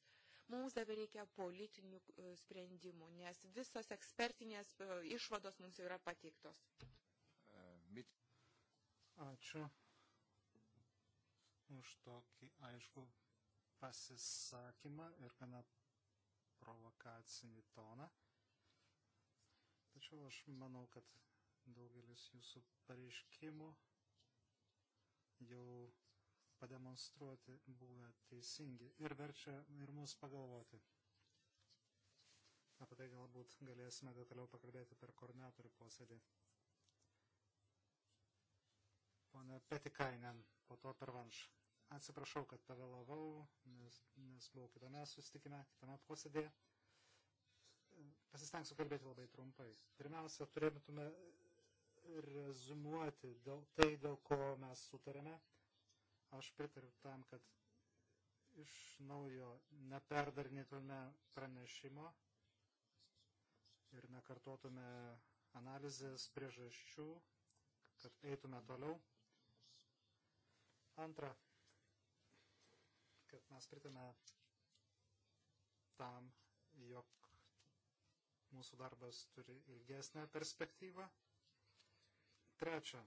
Mums dabar reikia politinių e, sprendimų, nes visos ekspertinės e, išvados mums yra pateiktos. Ačiū už tokį aišku pasisakymą ir gana provokacinį toną. Tačiau aš manau, kad daugelis jūsų pareiškimų jau pademonstruoti buvę teisingi ir verčia ir mus pagalvoti. Apie tai galbūt galėsime detaliau pakalbėti per koordinatorių posėdį. Pone Petikainen, po to per vanš. Atsiprašau, kad pavėlavau, nes, nes buvau kitame susitikime, kitame posėdėje. Pasistengsiu kalbėti labai trumpai. Pirmiausia, turėtume rezumuoti dėl tai, dėl ko mes sutarėme. Aš pritariu tam, kad iš naujo neperdarnytume pranešimo ir nekartotume analizės priežasčių, kad eitume toliau. Antra, kad mes pritame tam, jog mūsų darbas turi ilgesnę perspektyvą. Trečia,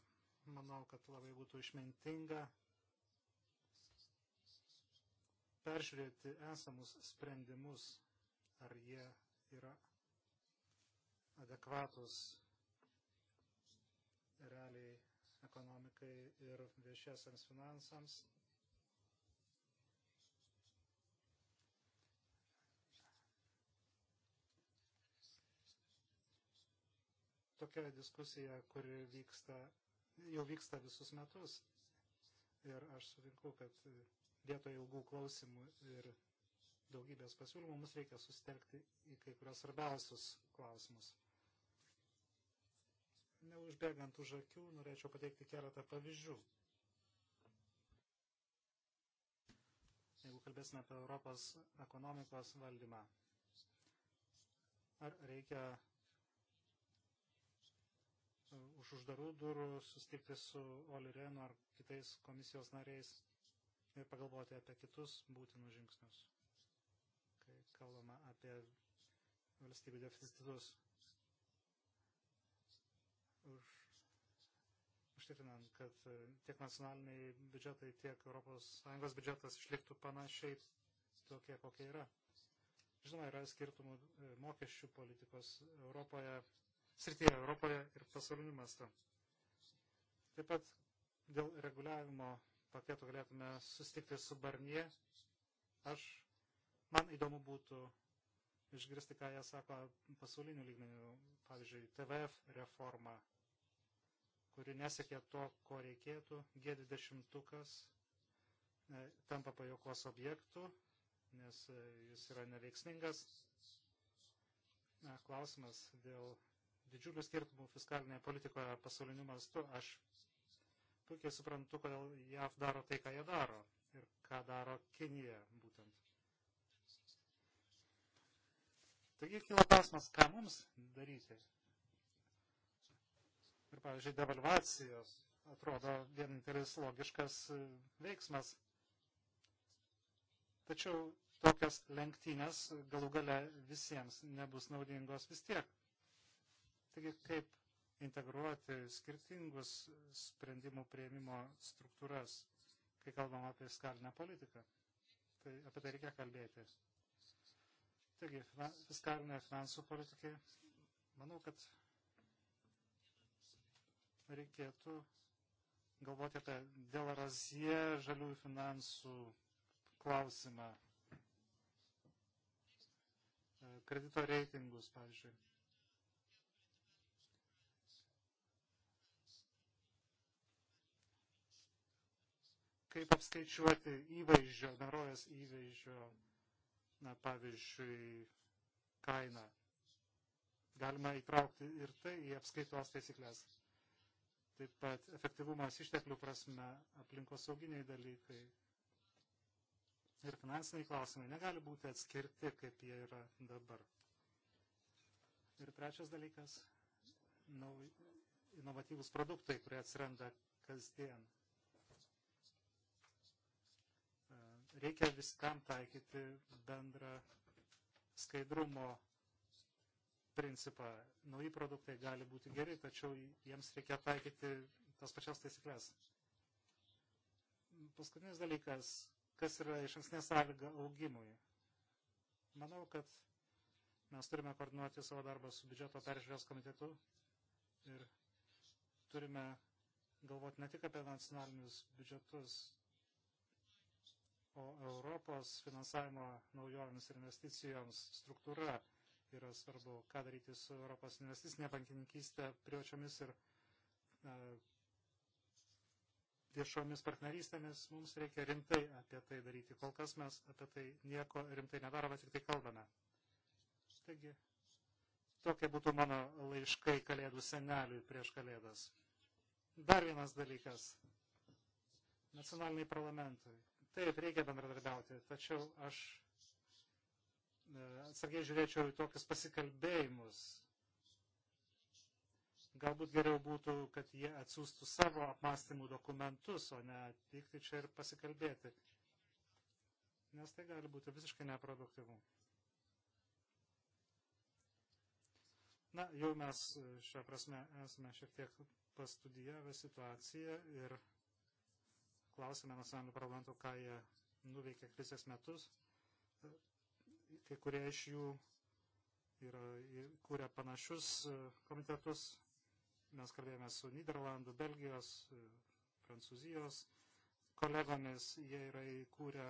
manau, kad labai būtų išmintinga peržiūrėti esamus sprendimus, ar jie yra adekvatus realiai ekonomikai ir viešiesiams finansams, tokia diskusija, kuri vyksta, jau vyksta visus metus. Ir aš sutinku, kad vietoj ilgų klausimų ir daugybės pasiūlymų mums reikia susitelkti į kai kurios svarbiausius klausimus. Neužbėgant už akių, norėčiau pateikti keletą pavyzdžių. Jeigu kalbėsime apie Europos ekonomikos valdymą, ar reikia už uždarų durų sustikti su Oli Renu ar kitais komisijos nariais ir pagalvoti apie kitus būtinus žingsnius, kai kalbama apie valstybių deficitus. Už užtikrinant, kad tiek nacionaliniai biudžetai, tiek ES biudžetas išliktų panašiai tokie, kokie yra. Žinoma, yra skirtumų e, mokesčių politikos Europoje srityje Europoje ir pasauliniu mastu. Taip pat dėl reguliavimo paketo galėtume sustikti su Barnie. Aš, man įdomu būtų išgirsti, ką jie sako pasaulinių lygmenių, pavyzdžiui, TVF reforma, kuri nesiekia to, ko reikėtų, G20 e, tampa pajokos objektų, nes e, jis yra neveiksmingas. E, klausimas dėl didžiulių skirtumų fiskalinėje politikoje pasauliniu mastu. Aš puikiai suprantu, kodėl JAV daro tai, ką jie daro ir ką daro Kinija būtent. Taigi kyla klausimas, ką mums daryti. Ir, pavyzdžiui, devalvacijos atrodo vienintelis logiškas e, veiksmas. Tačiau tokias lenktynės galų gale visiems nebus naudingos vis tiek. Taigi, kaip integruoti skirtingus sprendimų prieimimo struktūras, kai kalbam apie fiskalinę politiką. Tai apie tai reikia kalbėti. Taigi, fiskalinė finansų politikai, manau, kad reikėtų galvoti apie Delarazije žaliųjų finansų klausimą, kredito reitingus, pavyzdžiui. kaip apskaičiuoti įvaizdžio, narojas įvaizdžio, na, pavyzdžiui, kainą. Galima įtraukti ir tai į apskaitos taisyklės. Taip pat efektyvumas išteklių prasme, aplinkosauginiai dalykai ir finansiniai klausimai negali būti atskirti, kaip jie yra dabar. Ir trečias dalykas nau, - inovatyvus produktai, kurie atsiranda kasdien. reikia viskam taikyti bendrą skaidrumo principą. Nauji produktai gali būti geri, tačiau jiems reikia taikyti tas pačias taisyklės. Paskutinis dalykas, kas yra iš anksnės sąlyga augimui. Manau, kad mes turime koordinuoti savo darbą su biudžeto peržiūrės komitetu ir turime galvoti ne tik apie nacionalinius biudžetus, o Europos finansavimo naujovėms ir investicijoms struktūra yra svarbu, ką daryti su Europos investicinė bankininkystė privačiomis ir e, viešomis partnerystėmis, mums reikia rimtai apie tai daryti. Kol kas mes apie tai nieko rimtai nedarome, tik tai kalbame. Taigi, tokie būtų mano laiškai kalėdų seneliui prieš kalėdas. Dar vienas dalykas. Nacionaliniai parlamentai. Taip, reikia bendradarbiauti, tačiau aš e, atsargiai žiūrėčiau į tokius pasikalbėjimus. Galbūt geriau būtų, kad jie atsiųstų savo apmąstymų dokumentus, o ne atvykti čia ir pasikalbėti. Nes tai gali būti visiškai neproduktyvu. Na, jau mes e, šią prasme esame šiek tiek pastudijavę situaciją ir klausėme nacionalinių parlamentų, ką jie nuveikė krizės metus. Kai kurie iš jų yra kūrė panašius e, komitetus. Mes kalbėjome su Niderlandų, Belgijos, e, Prancūzijos kolegomis. Jie yra įkūrę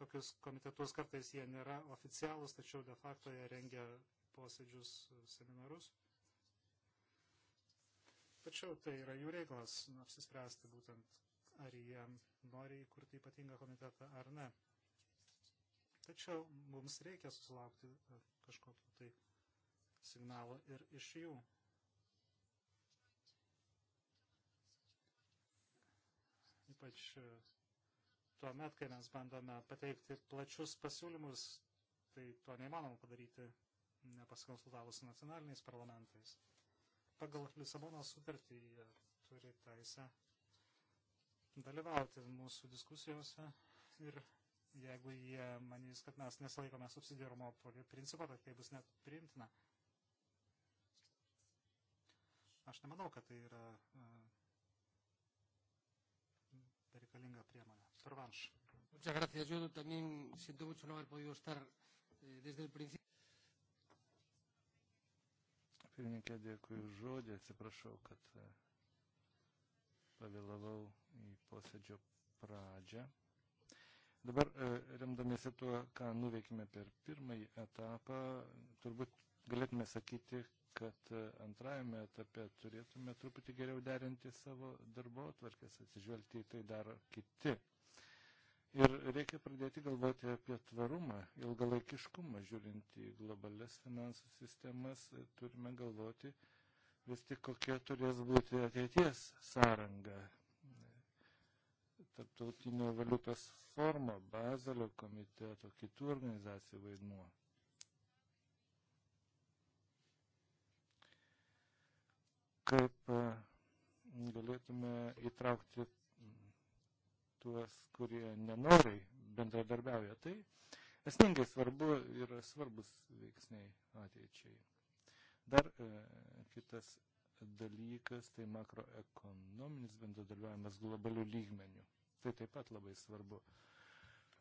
tokius komitetus, kartais jie nėra oficialūs, tačiau de facto jie rengia posėdžius, e, seminarus. Tačiau tai yra jų reikalas apsispręsti būtent, ar jie nori įkurti ypatingą komitetą ar ne. Tačiau mums reikia susilaukti e, kažkokio tai signalo ir iš jų. Ypač e, tuo met, kai mes bandome pateikti plačius pasiūlymus, tai to neįmanoma padaryti nepasikonsultavus su nacionaliniais parlamentais. Pagal Lisabono sutartį jie turi teisę dalyvauti mūsų diskusijose ir jeigu jie manys, kad mes nesilaikome subsidiarumo principo, tai tai bus net priimtina. Aš nemanau, kad tai yra uh, reikalinga priemonė. Pervanš. Muchas gracias. Yo también siento mucho no haber podido estar eh, desde el principio. Pirmininkė, dėkui už žodį, atsiprašau, kad e, pavėlavau į posėdžio pradžią. Dabar e, remdamėsi tuo, ką nuveikime per pirmąjį etapą, turbūt galėtume sakyti, kad e, antrajame etape turėtume truputį geriau derinti savo darbo atvarkės, atsižvelgti į tai daro kiti. Ir reikia pradėti galvoti apie tvarumą, ilgalaikiškumą, žiūrint į globales finansų sistemas, turime galvoti vis tik kokia turės būti ateities sąranga tarptautinio valiutos formo, Bazelio komiteto, kitų organizacijų vaidmuo. Kaip e, galėtume įtraukti tuos, kurie nenoriai bendradarbiauja, tai esmingai svarbu yra svarbus veiksniai ateičiai. Dar e, kitas dalykas tai makroekonominis bendradarbiavimas globalių lygmenių. Tai taip pat labai svarbu.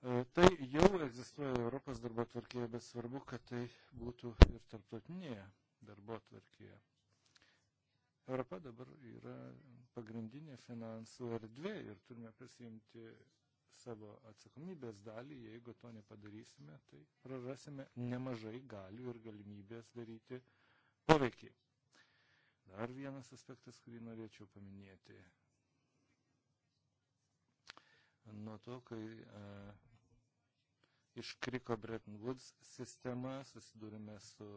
E, tai jau egzistuoja Europos darbo tvarkėje, bet svarbu, kad tai būtų ir tarptautinėje darbo tvarkėje. Europa dabar yra pagrindinė finansų erdvė ir turime prisimti savo atsakomybės dalį, jeigu to nepadarysime, tai prarasime nemažai galių ir galimybės daryti poveikį. Dar vienas aspektas, kurį norėčiau paminėti nuo to, kai e, iškriko Bretton Woods sistema, susidūrime su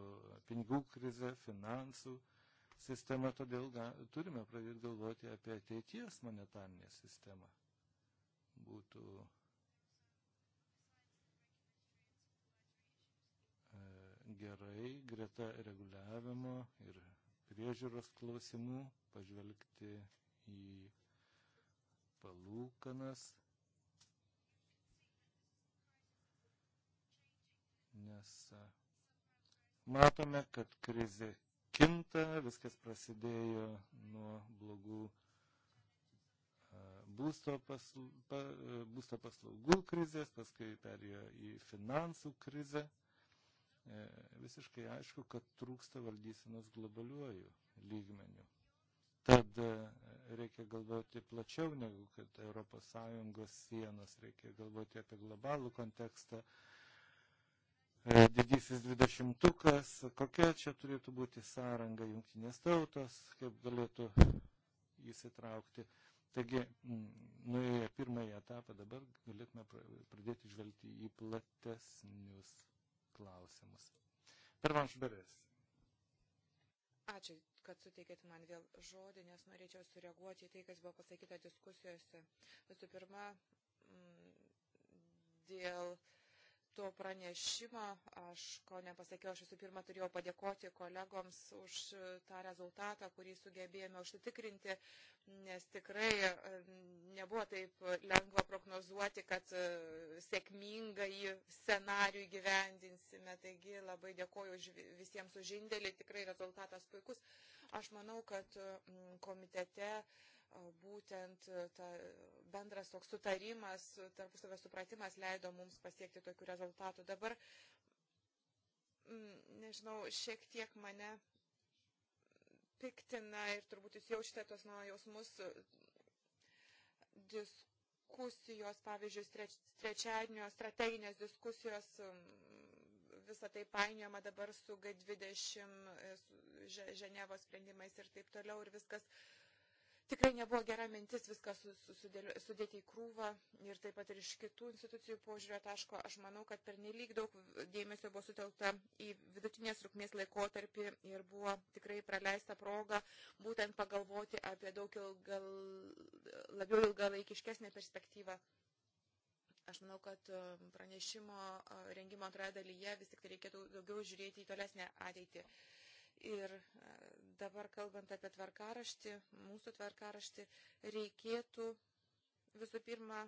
pinigų krize, finansų sistema, todėl ga, turime pradėti galvoti apie ateities monetarinę sistemą. Būtų e, gerai greta reguliavimo ir priežiūros klausimų pažvelgti į palūkanas nes e, matome, kad krizė kinta, viskas prasidėjo nuo blogų e, būsto, pasl pa, e, būsto paslaugų krizės, paskui perėjo į finansų krizę. E, visiškai aišku, kad trūksta valdysenos globaliuoju lygmeniu. Tad e, reikia galvoti plačiau negu kad ES sienos, reikia galvoti apie globalų kontekstą, e, E, didysis dvidešimtukas, kokia čia turėtų būti sąranga jungtinės tautos, kaip galėtų įsitraukti. Taigi, nuėję pirmąjį etapą, dabar galėtume pradėti žvelgti į platesnius klausimus. Per Vanšberės. Ačiū, kad suteikėt man vėl žodį, nes norėčiau sureaguoti į tai, kas buvo pasakyta diskusijose. Visų pirma, dėl uh, to pranešimo. Aš, ko nepasakiau, aš visų pirma turėjau padėkoti kolegoms už e, tą rezultatą, kurį sugebėjome užsitikrinti, nes tikrai e, nebuvo taip lengva prognozuoti, kad e, sėkmingai scenarių gyvendinsime. Taigi labai dėkoju už visiems užindėlį, tikrai rezultatas puikus. Aš manau, kad komitete uh, būtent e, ta bendras toks sutarimas, tarpusavio supratimas leido mums pasiekti tokių rezultatų. Dabar, nežinau, šiek tiek mane piktina ir turbūt jūs jaučiate tos mano jausmus diskusijos, pavyzdžiui, treč, trečiadienio strateginės diskusijos visą tai painiojama dabar su G20 e, su Ženevos sprendimais ir taip toliau ir viskas uh, Tikrai nebuvo gera mintis viską sudėti į krūvą ir taip pat ir iš kitų institucijų požiūrio taško. Aš manau, kad per nelik daug dėmesio buvo sutelkta į vidutinės rūkmės laikotarpį ir buvo tikrai praleista proga būtent pagalvoti apie daug ilgal, labiau ilgalaikiškesnę perspektyvą. Aš manau, kad um, pranešimo rengimo antroje dalyje vis tik tai reikėtų daugiau žiūrėti į tolesnę ateitį. Ir Dabar kalbant apie tvarkaraštį, mūsų tvarkaraštį, reikėtų visų pirma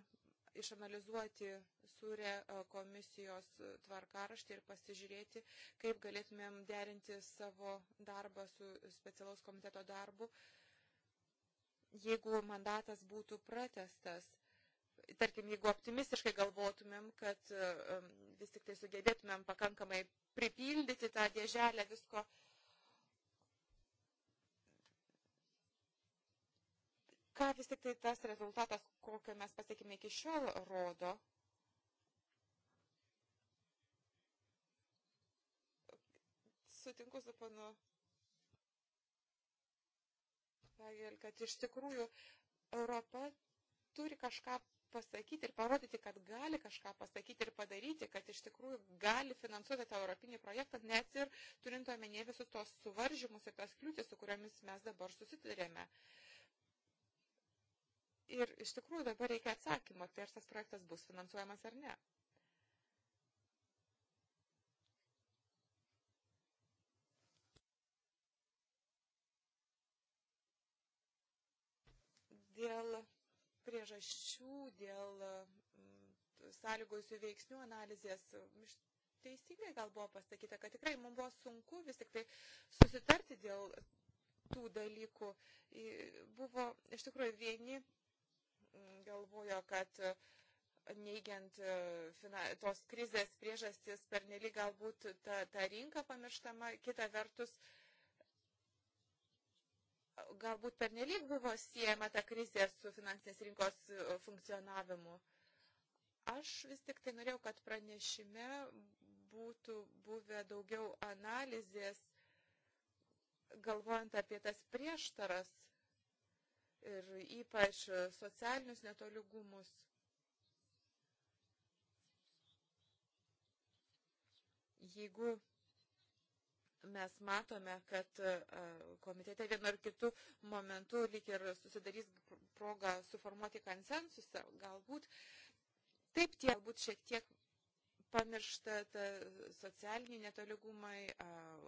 išanalizuoti surė e, komisijos tvarkaraštį ir pasižiūrėti, kaip galėtumėm derinti savo darbą su specialaus komiteto darbu, jeigu mandatas būtų pratestas tarkim, jeigu optimistiškai galvotumėm, kad e, e, vis tik tai sugebėtumėm pakankamai pripildyti tą dėželę visko, ką vis tik tai tas rezultatas, kokio mes pasiekime iki šiol, rodo, sutinku su panu Vagel, kad iš tikrųjų Europa turi kažką pasakyti ir parodyti, kad gali kažką pasakyti ir padaryti, kad iš tikrųjų gali finansuoti tą europinį projektą, net ir turint omenyje visus tos suvaržymus ir tas kliūtis, su kuriomis mes dabar susiturėme. Uh, Ir iš tikrųjų dabar reikia atsakymo, tai ar tas projektas bus finansuojamas ar ne. Dėl priežasčių, dėl mm, sąlygojusių veiksnių analizės. Teisingai gal buvo pasakyta, kad tikrai mums buvo sunku vis tik tai susitarti dėl tų dalykų. Buvo iš tikrųjų vieni galvojo, kad e, neigiant e, fina, tos krizės priežastis per nelį galbūt ta, ta rinka pamirštama, kita vertus galbūt pernelyg buvo siejama ta krizė su finansinės rinkos e, funkcionavimu. Aš vis tik tai norėjau, kad pranešime būtų buvę daugiau analizės, galvojant apie tas prieštaras ir ypač socialinius netoligumus. Jeigu mes matome, kad e, komitete vienu ar kitu momentu lyg ir susidarys proga suformuoti konsensusą, galbūt taip tie, galbūt šiek tiek pamiršta ta socialiniai netoligumai,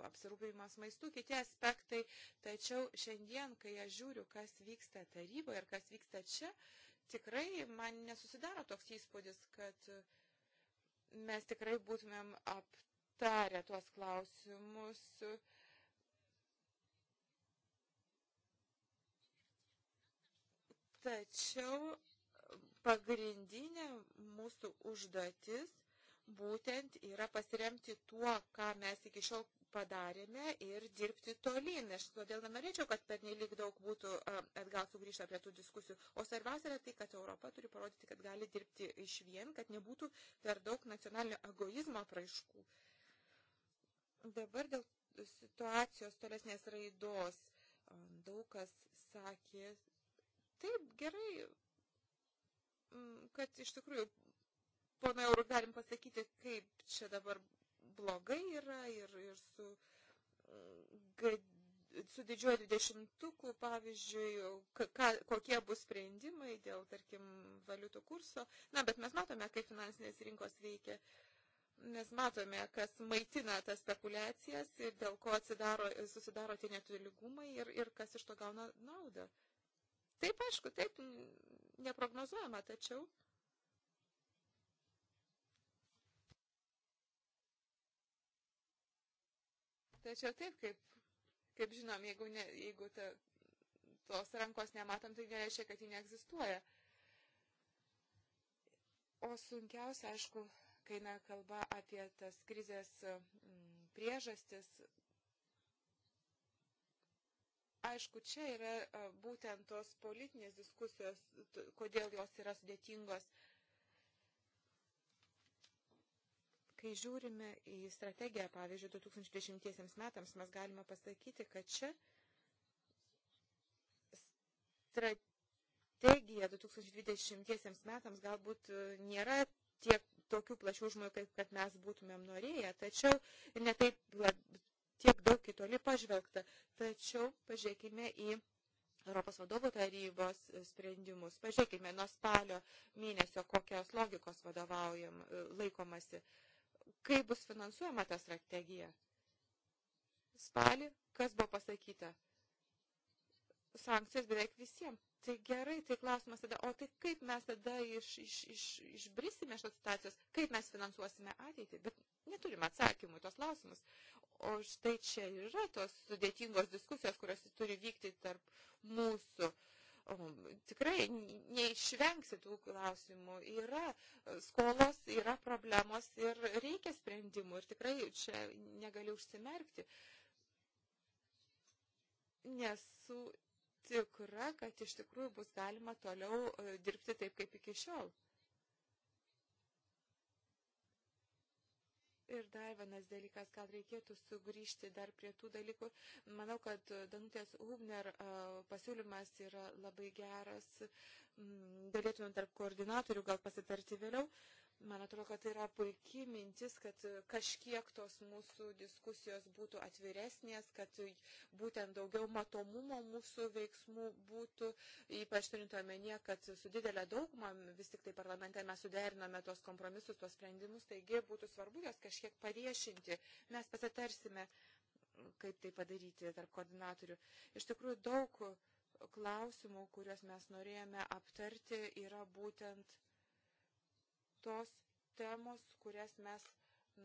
apsirūpinimas maistų, kiti aspektai. Tačiau šiandien, kai aš žiūriu, kas vyksta taryboje ir kas vyksta čia, tikrai man nesusidaro toks įspūdis, kad mes tikrai būtumėm aptarę tuos klausimus. Tačiau pagrindinė mūsų užduotis būtent yra pasiremti tuo, ką mes iki šiol padarėme ir dirbti tolyn. Aš todėl nenorėčiau, kad per nelik daug būtų atgal sugrįžta prie tų diskusijų. O svarbiausia yra tai, kad Europa turi parodyti, kad gali dirbti iš vien, kad nebūtų per daug nacionalinio egoizmo praiškų. Dabar dėl situacijos tolesnės raidos daug kas sakė, taip gerai, kad iš tikrųjų ponai, ar galim pasakyti, kaip čia dabar blogai yra ir, ir su, su didžiuoju dvidešimtuku, pavyzdžiui, ka, kokie bus sprendimai dėl, tarkim, valiutų kurso. Na, bet mes matome, kaip finansinės rinkos veikia. Mes matome, kas maitina tas spekulacijas ir dėl ko atsidaro, susidaro tie netolygumai ir, ir kas iš to gauna naudą. Taip, aišku, taip neprognozuojama, tačiau Tačiau taip, kaip, kaip žinom, jeigu, ne, jeigu ta, tos rankos nematom, tai nereiškia, kad ji neegzistuoja. O sunkiausia, aišku, kai na, kalba apie tas krizės mm, priežastis, aišku, čia yra būtent tos politinės diskusijos, kodėl jos yra sudėtingos. Kai žiūrime į strategiją, pavyzdžiui, 2010 metams, mes galime pasakyti, kad čia strategija 2020 metams galbūt e, nėra tiek tokių plačių žmonių, kaip kad mes būtumėm norėję, tačiau netaip tiek daug į toli pažvelgta. Tačiau pažiūrėkime į Europos vadovų tarybos e, sprendimus. Pažiūrėkime nuo spalio mėnesio, kokios logikos vadovaujam e, laikomasi kaip bus finansuojama ta strategija. Spalį, kas buvo pasakyta? Sankcijos beveik visiems. Tai gerai, tai klausimas tada, o tai kaip mes tada iš, iš, iš, išbrisime šios situacijos, kaip mes finansuosime ateitį, bet neturime atsakymų į tos klausimus. O štai čia yra tos sudėtingos diskusijos, kurios turi vykti tarp mūsų. Uh, Tikrai neišvengsi tų klausimų. Yra e, skolos, yra problemos ir reikia sprendimų. Ir tikrai čia negaliu užsimerkti. Nesu tikra, kad iš tikrųjų bus galima toliau e, dirbti taip, kaip iki šiol. Ir dar vienas dalykas, gal reikėtų sugrįžti dar prie tų dalykų. Manau, kad Danutės Hubner pasiūlymas yra labai geras. Mm, galėtumėm tarp koordinatorių gal pasitarti vėliau. Man atrodo, kad tai yra puikiai mintis, kad kažkiek tos mūsų diskusijos būtų atviresnės, kad būtent daugiau matomumo mūsų veiksmų būtų, ypač turint omenyje, kad su didelė dauguma vis tik tai parlamente mes suderinome tos kompromisus, tos sprendimus, taigi būtų svarbu jos kažkiek paviešinti. Mes pasitarsime, kaip tai padaryti tarp koordinatorių. Iš tikrųjų, daug klausimų, kuriuos mes norėjome aptarti, yra būtent tos temos, kurias mes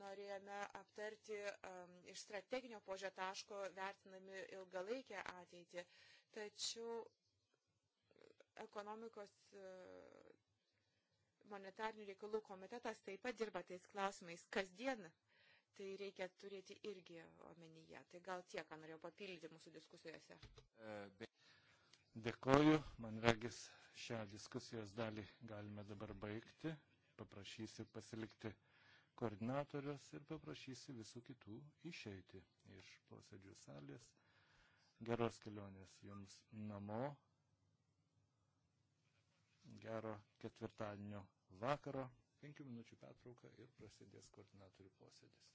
norėjome aptarti um, iš strateginio požio taško, vertinami ilgalaikę ateitį. Tačiau ekonomikos uh, monetarnių reikalų komitetas taip pat dirba tais klausimais kasdien. Tai reikia turėti irgi omenyje. Tai gal tiek, ką norėjau papildyti mūsų diskusijose. Dėkoju. Man regis šią diskusijos dalį galime dabar baigti paprašysiu pasilikti koordinatorius ir paprašysiu visų kitų išeiti iš posėdžių salės. Geros kelionės jums namo, gero ketvirtadienio vakaro, penkių minučių pertrauką ir prasidės koordinatorių posėdis.